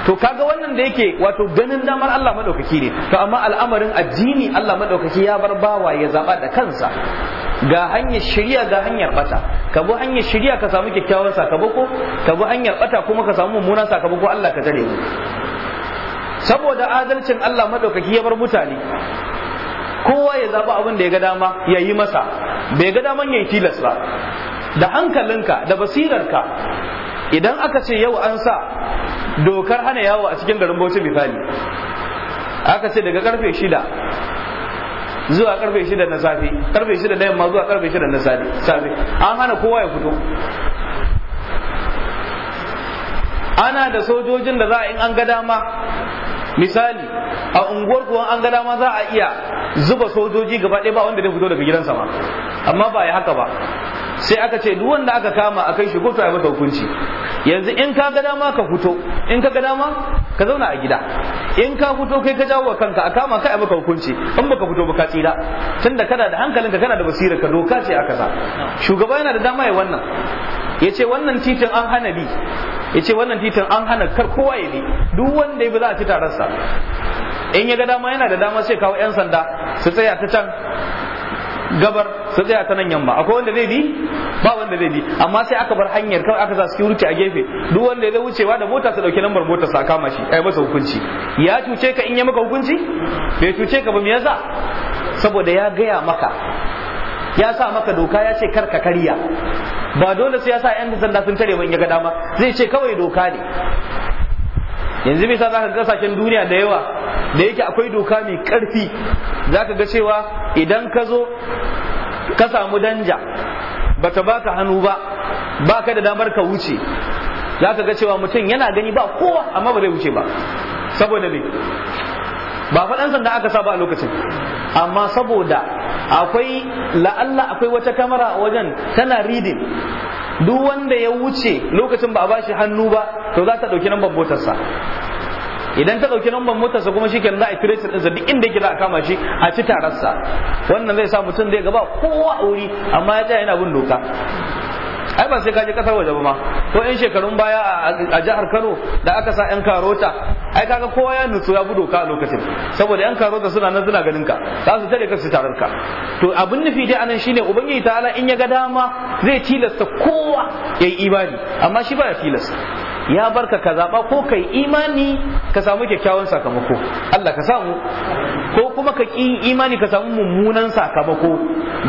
[SPEAKER 1] to kaga wannan da yake wato ganin damar Allah madaukaki ne to amma al'amarin addini Allah madaukaki ya bar bawa ya zaba da kansa ga hanyar shari'a ga hanyar bata ka bi hanyar shari'a ka samu kyakkyawan sakamako ka bi hanyar bata kuma ka samu mummunan sakamako Allah ka tare mu saboda adalcin Allah madaukaki ya bar mutane kowa ya zaɓi abin da ya ga dama ya yi masa bai ga daman ya yi tilas ba da hankalinka da basirarka idan aka ce yau an sa dokar hana yawo a cikin garin bauchi misali aka ce daga karfe shida zuwa karfe shida na safe karfe shida na yamma zuwa karfe shida na safe an hana kowa ya fito ana da sojojin da za a in an ga dama misali a unguwar kuwa an ga dama za a iya zuba sojoji gaba ɗaya ba wanda zai fito daga gidansa ba amma ba ya haka ba sai aka ce duk wanda aka kama a kai shi kotu a mata hukunci yanzu in ka ga dama ka fito in ka ga dama ka zauna a gida in ka fito kai ka jawo kanka a kama kai a maka hukunci in baka fito ba ka tsira tunda kana da hankalinka kana da ka doka ce aka sa shugaba yana da dama ya wannan ya ce wannan titin an hana bi ya ce wannan titin an hana kar kowa ya bi duk wanda ya bi za a ci tararsa in ya ga dama yana da dama sai kawo 'yan sanda su tsaya ta can gabar su tsaya ta nan yamma akwai wanda zai bi ba wanda zai bi amma sai aka bar hanyar kawai aka sa security a gefe duk wanda ya wucewa da mota su dauki lambar mota sa kama shi ai masa hukunci ya cuce ka in ya maka hukunci bai cuce ka ba me yasa saboda ya gaya maka ya sa maka doka ya ce kar ka karya ba dole sai ya sa 'yan sanda sun tare in ya ga dama zai ce kawai doka ne yanzu bisa za ka kasashen duniya da yawa da yake akwai doka mai karfi za ka ga cewa idan ka zo ka samu danja bata baka hannu ba baka da damar ka wuce za ka ga cewa mutum yana gani ba kowa amma ba zai wuce ba saboda ne ba fa dan sanda aka saba a lokacin amma saboda akwai la'alla akwai wata kamera wajen tana reading duk wanda ya wuce lokacin ba a bashi hannu ba to za ta dauki namban motarsa idan ta ɗauki motar motarsa kuma shi za a trace ɗinsa duk inda yake za a kama shi a ci tararsa wannan zai sa mutum zai gaba kowa a wuri amma ya tsaya yana bin doka ai ba sai ka je kasar waje ba ma ko yan shekarun baya a jihar Kano da aka sa yan karota ai kaga kowa ya nutsu ya gudo ka a lokacin saboda yan karota suna nan suna ganin ka za su tare ka su tarar ka to abin nufi dai anan shine ubangiji ta'ala in ya ga dama zai tilasta kowa yayi ibadi amma shi baya tilasta ya barka ka zaɓa ko kai imani ka samu kyakkyawan sakamako Allah ka samu ko kuma ka ƙi imani ka samu mummunan sakamako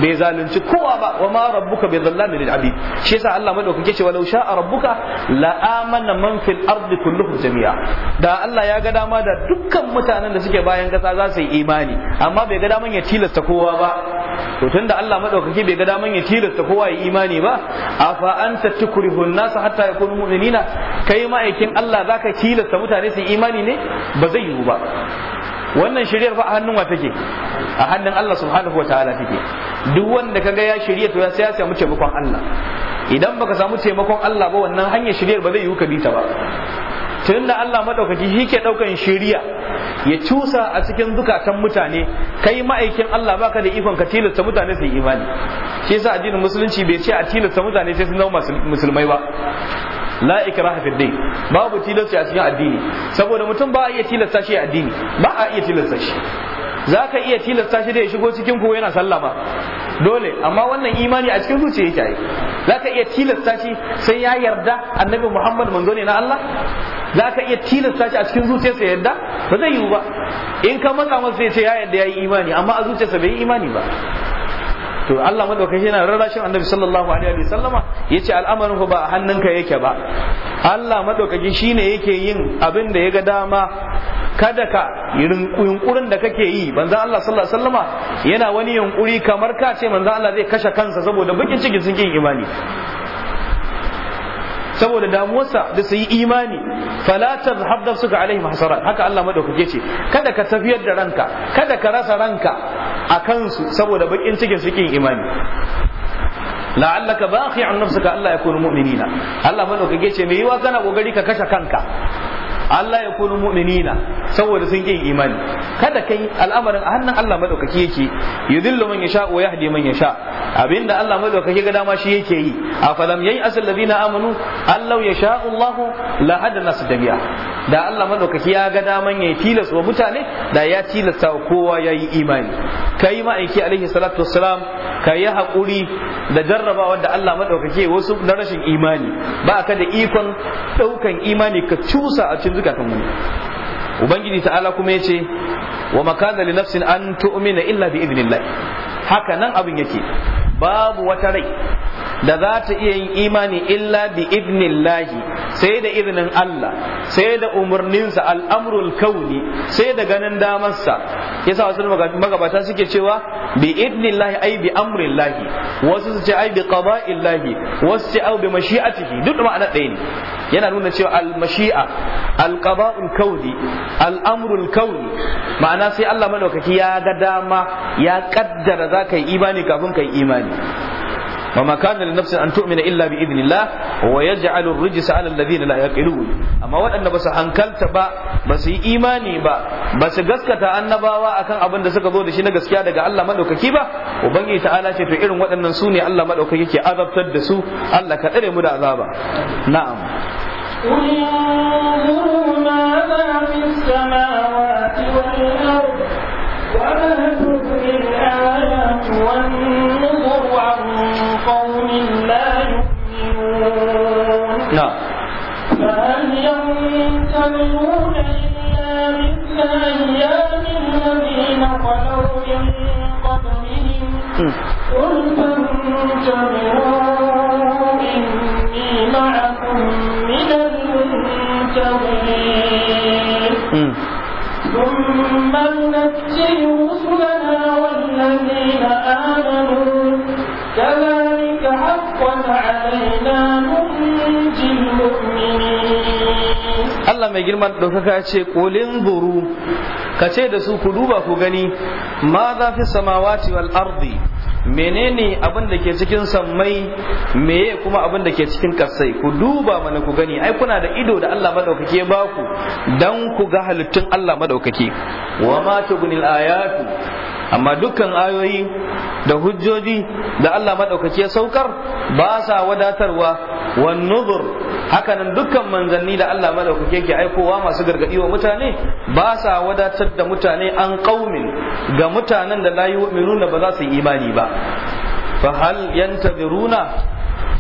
[SPEAKER 1] bai zalunci kowa ba wa ma rabbuka bai zallami lil abid shi yasa Allah madaukake ce walau sha'a rabbuka la amana man fil ardi kulluhum jami'a da Allah ya ga dama da dukkan mutanen da suke bayan kasa za su yi imani amma bai ga daman ya tilasta kowa ba to da Allah madaukaki bai ga daman ya tilasta kowa ya imani ba afa anta tukrihu an-nas hatta yakunu mu'minina kai ma'aikin Allah zaka tilasta mutane su imani ne ba zai yiwu ba wannan shiryar fa a hannun wa take a hannun Allah subhanahu wa ta'ala take duk wanda kaga ya shirya to ya sai ya samu taimakon Allah idan baka samu taimakon Allah ba wannan hanyar shiryar ba zai yiwu ka bi ta ba Tun da Allah madaukaki shi ke daukan shiriya ya cusa a cikin zukatan mutane kai ma'aikin Allah baka da ikon ka tilasta mutane su yi imani shi yasa addinin musulunci bai ce a tilasta mutane sai sun zama musulmai ba la ikraha fi din babu tilasta a cikin addini saboda mutum ba a iya tilasta shi addini ba a iya tilasta shi za ka iya tilasta shi da ya shigo cikin ku yana sallama dole amma wannan imani a cikin zuciya yake yi za ka iya tilasta shi sai ya yarda annabi muhammad manzo ne na allah za ka iya tilasta shi a cikin zuciya ya yarda ba zai yiwu ba in ka matsa ya ce ya yarda ya yi imani amma a zuciyarsa bai yi imani ba to Allah madaukaki yana rarrashin annabi sallallahu alaihi wa sallama yace al'amarin ba a hannunka yake ba Allah shi ne yake yin abin da ya ga dama kada ka yunkurin da kake yi banza Allah sallallahu alaihi wasallama yana wani yunkuri kamar ka ce manzo Allah zai kashe kansa saboda bakin cikin sun imani saboda damuwarsa da su yi imani falatar tazhab suka alaihim hasarat haka Allah madaukake ce kada ka tafiyar da ranka kada ka rasa ranka a kansu saboda bakin cikin sukin imani la'allaka bakhi'un nafsuka Allah yakunu mu'minina Allah madaukake ce me yiwa kana kokari ka kashe kanka Allah ya kunu mu'minina saboda sun yi imani kada kai al'amarin a hannun Allah madaukaki yake yudillu man yasha wa yahdi man yasha abinda Allah madaukaki ga dama shi yake yi a yayi asal ladina amanu allau ya Allah la hada nasu jami'a da Allah madaukaki ya ga daman yayi tilas wa mutane da ya tilasta kowa yayi imani kai ma aiki alaihi salatu wassalam ka yi hakuri da jarrabawa da Allah madaukaki wasu na rashin imani ba ka da ikon ɗaukan imani ka cusa a cikin zukatan mu ubangiji ta'ala kuma yace wa makana li nafsin an tu'mina illa bi idnillah haka nan abin yake babu wata rai da za ta iya yin imani illa bi idnillahi sai da izinin Allah sai da umarninsa al'amrul kauni sai da ganin damarsa yasa wasu magabata suke cewa bi idnillahi ai bi amrillahi wasu su ce ai bi qada'illahi wasu ce ai bi ciki duk da ma'ana ɗaya ne yana nuna cewa al mashi'a al qada'ul kauni al amrul kauni ma'ana sai Allah madaukaki ya ga dama ya kaddara za za ka yi imani kafin ka yi imani wa ma kana li nafsin an tu'mina illa bi idinillah wa yaj'alu ar-rijsa 'ala alladhina la yaqilun amma waɗanda basu hankalta ba basu yi imani ba basu gaskata annabawa akan abin da suka zo da shi na gaskiya daga Allah madaukaki ba ubangiji ta'ala ce to irin waɗannan su ne Allah madaukaki ke azabtar da su Allah ka tsare mu da azaba na'am
[SPEAKER 2] انظروا ماذا في السماوات والأرض وما تغني الآيات والنذر عن قوم لا يؤمنون نعم فهل ينتظرون إلا مثل أيام الذين خلوا من قبلهم قل فانتظروا إني معكم من المنتظرين ثم ننجي Allah mai كذلك حقا علينا ننجي المؤمنين
[SPEAKER 1] الله ما يجرم ce kace da su ku duba ku gani ma za fi wal arzi menene abin da ke cikin sammai meye kuma abin da ke cikin kasai ku duba mana ku gani ai kuna da ido da Allah madaukake ya baku dan ku ga halittun Allah madaukake wa ma tubnil ayatu amma dukkan ayoyi da hujjoji da Allah madaukaki ya saukar ba sa wadatarwa wan nuzur hakanan dukkan manzanni da Allah madaukaki ke aikowa masu gargadi wa mutane ba sa wadatar da mutane an qaumin ga mutanen da la minuna ba za su yi imani ba fa hal yantaziruna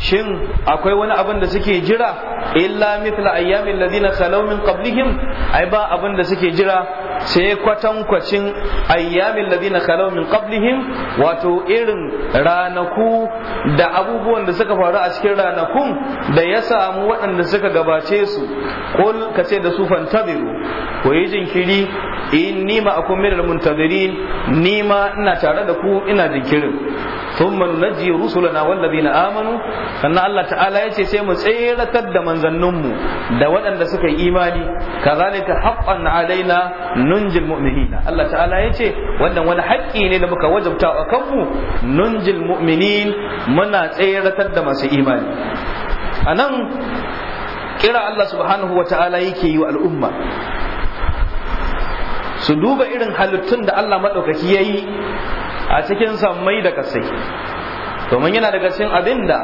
[SPEAKER 1] shin akwai wani abin da suke jira illa mithla ayyamin ladina khalaw min qablihim ai ba abin da suke jira sai kwatankwacin ayyamin ladina khalaw min qablihim wato irin ranaku da abubuwan da suka faru a cikin ranakun da ya samu waɗanda suka gabace su kul ka ce da su fantabiru ko yi jinkiri inni ma'akum minal muntazirin ni ma ina tare da ku ina jinkirin thumma nunajji rusulana wal ladina amanu sannan Allah ta'ala yace sai mu tseratar da manzanninmu da waɗanda suka yi imani kazalika haqqan alaina nunjil mu'minina Allah ta'ala ya ce wannan wani haƙƙi ne da muka wajabta a kanmu nunjil mu'minin muna tseratar da masu imani a nan kira Allah subhanahu wa ta'ala yake yi wa al'umma su duba irin halittun da Allah maɗaukaki ya yi a cikin sammai da kasai domin yana daga cikin abin da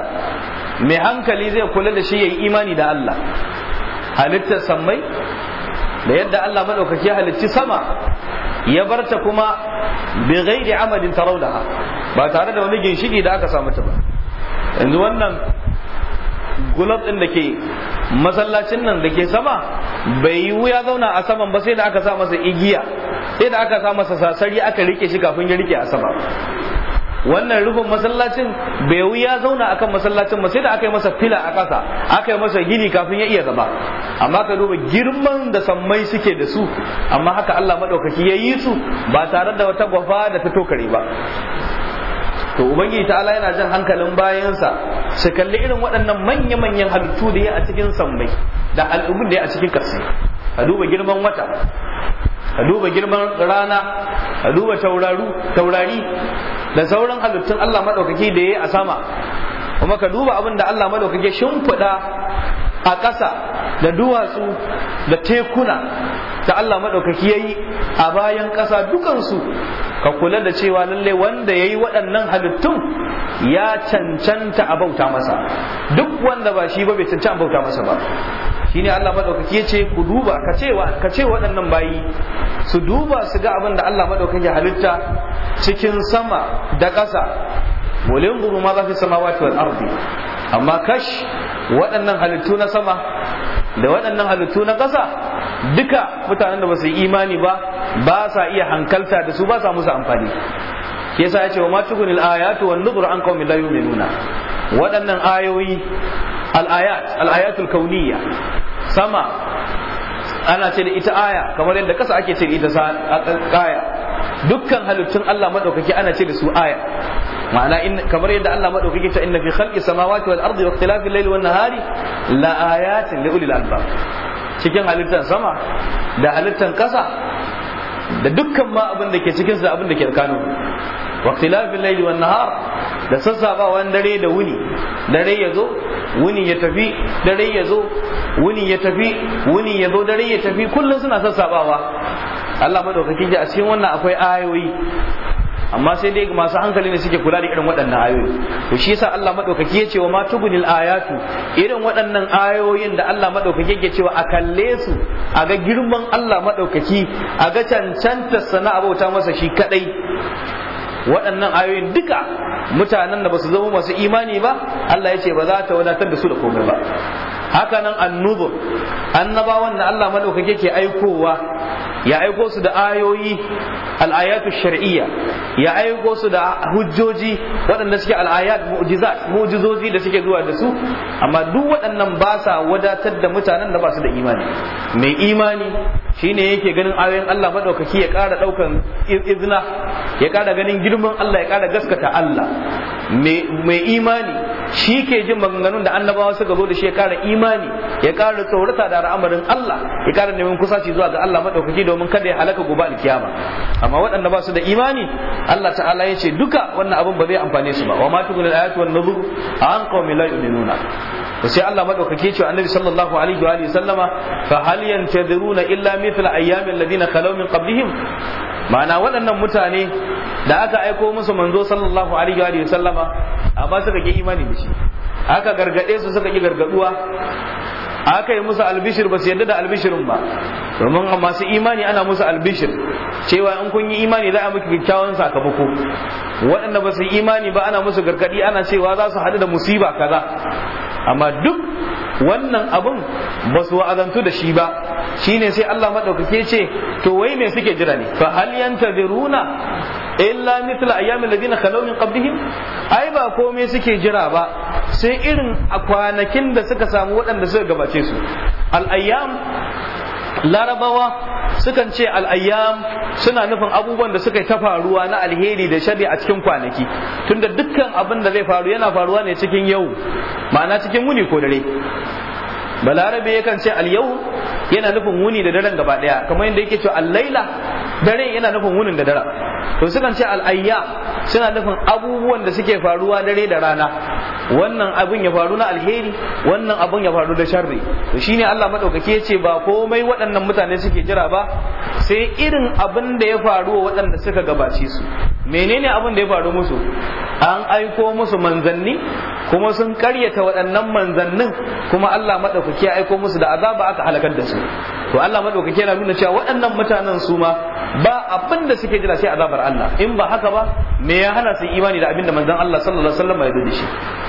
[SPEAKER 1] mai hankali zai kula da shi ya yi imani da Allah halittar sammai da yadda Allah madaukaki ya halicci sama ya barta kuma bi ghairi amadin tarawlaha ba tare da wani ginshiki da aka samu ta ba yanzu wannan gulab din da ke masallacin nan da ke sama bai yi wuya zauna a saman ba sai da aka sa masa igiya sai da aka sa masa sasari aka rike shi kafin ya rike a sama wannan rufin masallacin bai ya zauna akan masallacin ba sai da aka yi masa fila a ƙasa aka yi masa gini kafin ya iya zama amma ka duba girman da sammai suke da su amma haka Allah maɗaukaki ya yi su ba tare da wata gwafa da ta tokare ba to ubangiji ta'ala yana jan hankalin bayansa su kalli irin waɗannan manya-manyan halittu da ya a cikin sammai da al'ummar da ya a cikin ƙasa a duba girman wata ka duba girman rana ka duba taurari da sauran halittun Allah maɗaukaki da ya yi a sama kuma ka duba abin da Allah maɗaukaki shimfiɗa a ƙasa da duwatsu da tekuna da Allah maɗaukaki ya yi a bayan ƙasa dukansu ka kula da cewa lallai wanda ya yi waɗannan halittun ya cancanta a bauta masa duk wanda ba shi ba bai cancanta a bauta masa ba shine Allah madaukaki ce ku duba ka ce ka ce waɗannan bayi su duba su ga abin da Allah madaukaki halitta cikin sama da ƙasa walin guru ma za fi samawati wal ardi amma kash waɗannan halittu na sama da waɗannan halittu na ƙasa duka mutanen da ba su yi imani ba ba sa iya hankalta da su ba sa musu amfani yasa ya ce wa ma tukunil ayatu wan nuzur an qaumin la yu'minuna waɗannan ayoyi al-ayat kauniya sama ana ce da ita aya kamar yadda kasa ake ce da ita aya dukkan halittun Allah maɗaukaki ana ce da su aya ma'ana kamar yadda Allah maɗaukaki ta inna fi khalqi samawati wal ardi wa ikhtilafi al-layli wan nahari la ayatin li ulil albab cikin halittan sama da halittan kasa da dukkan ma abin da ke cikin su abin da ke tsakanin wa layli wan nahar da sassafawan dare da wuni dare ya zo wuni ya tafi dare ya zo wuni ya tafi wuni ya zo dare ya tafi kullum suna sassafawa Allah madaukakin ji a cikin wannan akwai ayoyi amma sai dai masu hankali ne suke kula da irin waɗannan ayoyi to shi yasa Allah madaukaki yace wa ma ayatu irin waɗannan ayoyin da Allah madaukaki yake cewa a kalle su a ga girman Allah madaukaki a ga cancanta sana'a bauta masa shi kadai waɗannan ayoyin duka mutanen da ba su zama masu imani ba Allah yace ce ba za ta wadatar da su da komai ba hakanan annubur annabawan da Allah madaukake ke aikowa ya aiko su da ayoyi al'ayatu shar'iyya ya aiko su da hujjoji waɗanda suke al'ayat mu'jizat mu'jizoji da suke zuwa da su amma duk waɗannan ba sa wadatar da mutanen da ba su da imani mai imani shine yake ganin ayoyin Allah madaukaki ya ƙara ɗaukan izina ya ƙara ganin girman Allah ya ƙara gaskata Allah mai imani shi ke jin maganganun da annabawa suka zo da shi ya kara imani ya kara tsorata da al'amarin Allah ya kara neman kusaci zuwa ga Allah madaukaki domin kada ya halaka gobe alkiyama amma waɗanda ba su da imani Allah ta'ala ya ce duka wannan abin ba zai amfane su ba wa ma tukul ayatu wan nuzur an qawmi la yu'minuna to sai Allah madaukaki ce annabi sallallahu alaihi wa alihi sallama fa hal yantaziruna illa mithla ayyamin ladina khalaw min qablihim ma'ana waɗannan mutane da aka aiko musu manzo sallallahu alaihi wa sallama amma suka ki imani da shi aka gargade su suka ki gargaduwa aka yi musu albishir ba su yadda da albishirin ba domin masu imani ana musu albishir cewa in kun yi imani za a miki kyakkyawan sakamako waɗanda ba su yi imani ba ana musu gargadi ana cewa za su haɗu da musiba kaza amma duk wannan abun ba su wa'azantu da shi ba shi ne sai Allah maɗaukake ce to wai me suke jira ne fa hal yantaziruna illa mithla ayyamil ladina khalaw min qablihim ai ba komai suke jira ba sai irin a kwanakin da suka samu waɗanda suka gabace su al ayyam larabawa sukan ce al'ayyam suna nufin abubuwan da suka ta faruwa na alheri da shari a cikin kwanaki tunda dukkan abin da zai faru yana faruwa ne cikin yau ma'ana cikin wuni ko dare balarabe kan ce al-yau yana nufin wuni da daren gaba daya kamar yadda yake cewa al-laila dare yana nufin wunin da dare to sukan ce al-ayya suna nufin abubuwan da suke faruwa dare da rana wannan abin ya faru na alheri wannan abin ya faru da sharri to shine Allah madaukake ce ba komai waɗannan mutane suke jira ba sai irin abin da ya faru wa waɗanda suka gabace su menene abin da ya faru musu an aiko musu manzanni kuma sun karyata waɗannan manzannin kuma Allah madaukake ya aiko musu da azaba aka halakar da su to Allah madaukake yana nuna cewa waɗannan mutanen su ma ba abin da suke jira sai azabar Allah in ba haka ba me ya hana su imani da abin da manzon Allah sallallahu alaihi wasallam ya zo da shi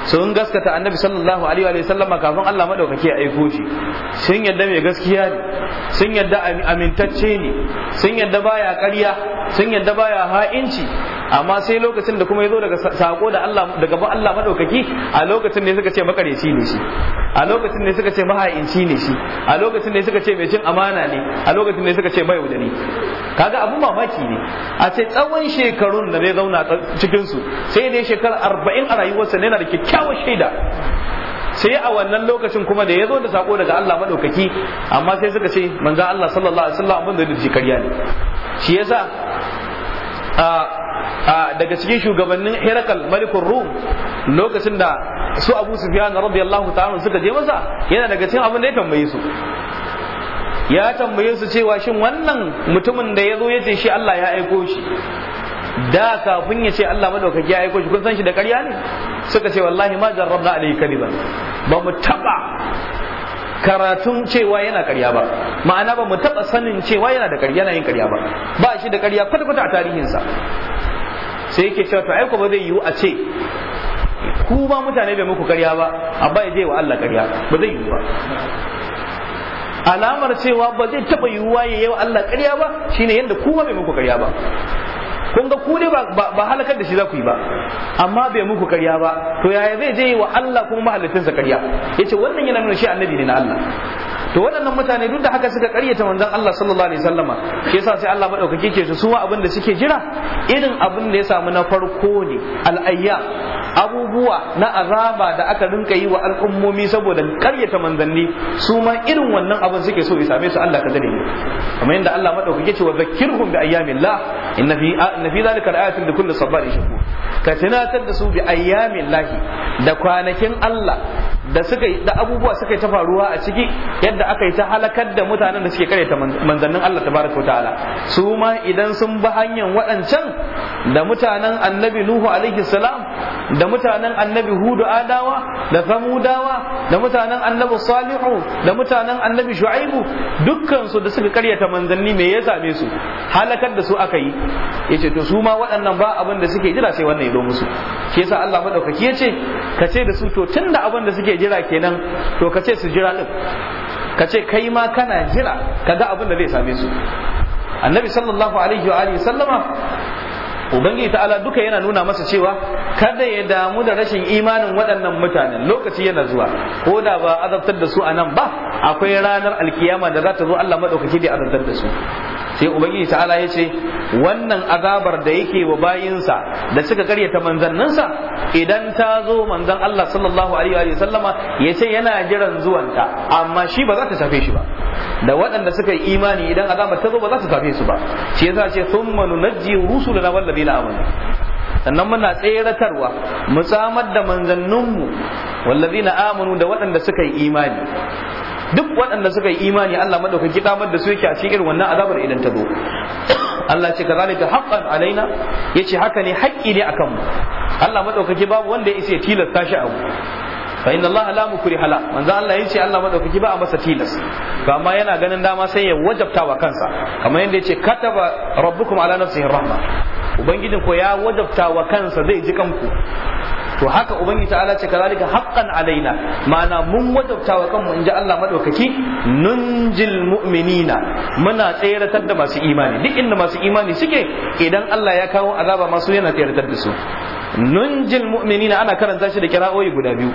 [SPEAKER 1] sun gaskata annabi sallallahu alaihi wa sallam kafin Allah madaukake ya aiko shi sun yadda mai gaskiya ne sun yadda amintacce ne sun yadda baya ƙarya sun yadda baya ha'inci amma sai lokacin da kuma ya zo daga sako da Allah daga ba Allah madaukake a lokacin ne suka ce makareci ne shi a lokacin ne suka ce maha'inci ne shi a lokacin ne suka ce mai cin amana ne a lokacin ne suka ce bai wudani kaga abun mamaki ne a ce tsawon shekarun da zai zauna cikin su sai dai shekara 40 a rayuwarsa ne na da kike kyakkyawar shaida sai a wannan lokacin kuma da ya zo da sako daga Allah maɗaukaki, amma sai suka ce manzo Allah sallallahu alaihi wasallam abin da yake karya ne shi yasa daga cikin shugabannin Herakal Malikul Rum lokacin da su Abu Sufyan radiyallahu ta'ala suka je masa yana daga cikin abin da ya tambaye su ya tambaye su cewa shin wannan mutumin da ya zo ya ce shi Allah ya aiko shi da kafin ya ce Allah madaukaki ya aiko shi kun san shi da ƙarya ne suka ce wallahi ma jarrabna alayhi kadiban ba mu taba karatun cewa yana ƙarya ba ma'ana ba mu taba sanin cewa yana da ƙarya yana yin ƙarya ba ba shi da ƙarya kwata kwata a tarihinsa sai yake cewa to aiko ba zai yiwu a ce ku ba mutane bai muku ƙarya ba amma ya je wa Allah ƙarya ba zai yiwu ba alamar cewa ba zai taɓa yiwuwa ya yi wa Allah ƙarya ba shine yadda kuma bai muku ƙarya ba kun ga ku ne ba halakar da shi za ku yi ba amma bai muku karya ba to yaya zai je wa Allah kuma mahalicinsa karya yace wannan yana nuna shi annabi ne na Allah to waɗannan mutane duk da haka suka karyata manzon Allah sallallahu alaihi wasallama shi yasa sai Allah madaukake ke su su abin da suke jira irin abin da ya samu na farko ne al-ayyam abubuwa na azaba da aka rinka yi wa al'ummomi saboda karyata manzanni su ma irin wannan abin suke so ya same su Allah ka dare ne. kamar yadda Allah madaukake ce wa zakkirhum bi ayyamillah inna fi inna fi zalika ayatin li kulli sabarin shakur ka tunatar da su bi ayyamillah da kwanakin Allah da suka da abubuwa suka yi ta faruwa a ciki yadda aka yi ta halakar da mutanen da suke karyata manzannin Allah tabaraka ta'ala su ma idan sun bi hanyar waɗancan da mutanen annabi Nuhu alaihi salam da mutanen annabi Hudu adawa da Samudawa da mutanen annabi Salihu da mutanen annabi Shu'aibu dukkan su da suka karyata manzanni me ya same su halakar da su aka yi yace to su ma waɗannan ba abin da suke jira sai wannan ya zo musu shi yasa Allah madaukaki yace ka ce da su to tunda abin da suke jira kenan to kace su jira din ka kai ma kana jira ka ga abin da zai same su annabi sallallahu alaihi wa alihi sallama ubangiji ta'ala duka yana nuna masa cewa kada ya damu da rashin imanin waɗannan mutanen lokaci yana zuwa ko da ba azabtar da su a nan ba akwai ranar alkiyama da za ta zo Allah maɗaukaki da azabtar da su sai ubangiji ta'ala ya ce wannan azabar da yake wa bayinsa da suka karyata manzanninsa idan ta zo manzan Allah sallallahu alaihi wa sallama ya ce yana jiran zuwanta amma shi ba za ta tafe shi ba da waɗanda suka yi imani idan azabar ta zo ba za ta tafe su ba shi yasa ce thumma nunajji rusulana wallazina amanu sannan muna tseratarwa mu samar da manzanninmu na amanu da waɗanda suka yi imani duk waɗanda suka yi imani Allah madaukaki damar da su yake a cikin wannan azabar idan ta zo Allah ce kazalika haqqan alaina yace haka ne haƙƙi ne akan mu Allah madaukaki babu wanda ya isa ya tilasta shi abu fa inna Allah la mukriha hala manzo Allah yace Allah madaukaki ba a masa tilas ba amma yana ganin dama sai ya wajabta wa kansa kamar yadda yace kataba rabbukum ala nafsihi rahma ubangijin ko ya wajabta wa kansa zai ji kanku to haka ta ala ce kazalika haqqan alaina ma'ana mun wajabta wa kanmu inji Allah madaukaki nunjil mu'minina muna tseratar da masu imani duk inda masu imani suke idan Allah ya kawo azaba masu yana tseratar da su nunjil mu'minina ana karanta shi da kira'o'i guda biyu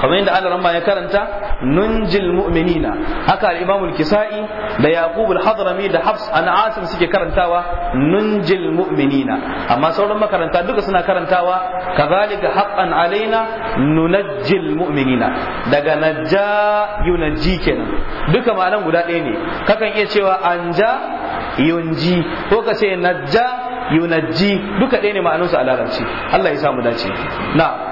[SPEAKER 1] kamar yadda Allah ramba ya karanta nunjil mu'minina haka al imamul kisai da Yaqub al-Hadrami da Hafs an Asim suke karantawa nunjil mu'minina amma sauran makaranta duka suna karantawa kazalika haqqan alaina nunajjil mu'minina daga najja yunajji kenan duka ma'anan guda ɗaya ne kakan iya cewa anja yunji ko ka ce najja yunajji duka ɗaya ne ma'anunsu a larabci Allah ya samu dace na'am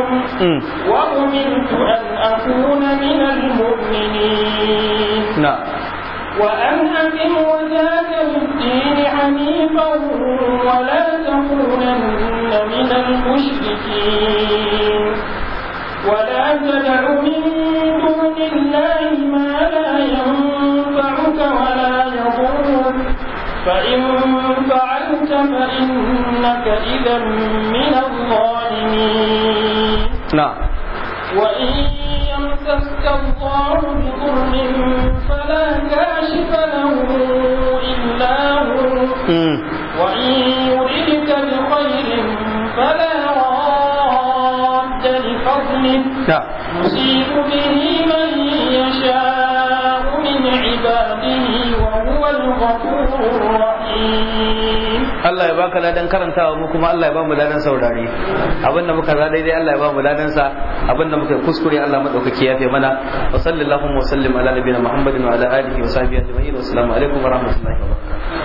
[SPEAKER 2] وأمرت أن أكون من المؤمنين نعم وأن أقم وجهك للدين حنيفا ولا تكونن من المشركين ولا تدع من دون الله ما لا ينفعك ولا يضرك فإن فعلت فإنك إذا من الظالمين نعم وإن يمسسك الله بضر فلا كاشف له إلا هو وإن يردك بخير فلا راد لفضله نعم. يصيب به من يشاء من عباده Allah
[SPEAKER 1] ya baka ladan karantawa mu kuma Allah ya ba mu ladan saurare abinda muka za daidai Allah ya ba mu ladan sa abinda muka kuskure Allah madaukaki ya fi mana wa sallallahu wa sallim ala nabiyina Muhammadin wa ala alihi wa sahbihi ajma'in wa assalamu alaikum wa rahmatullahi wa barakatuh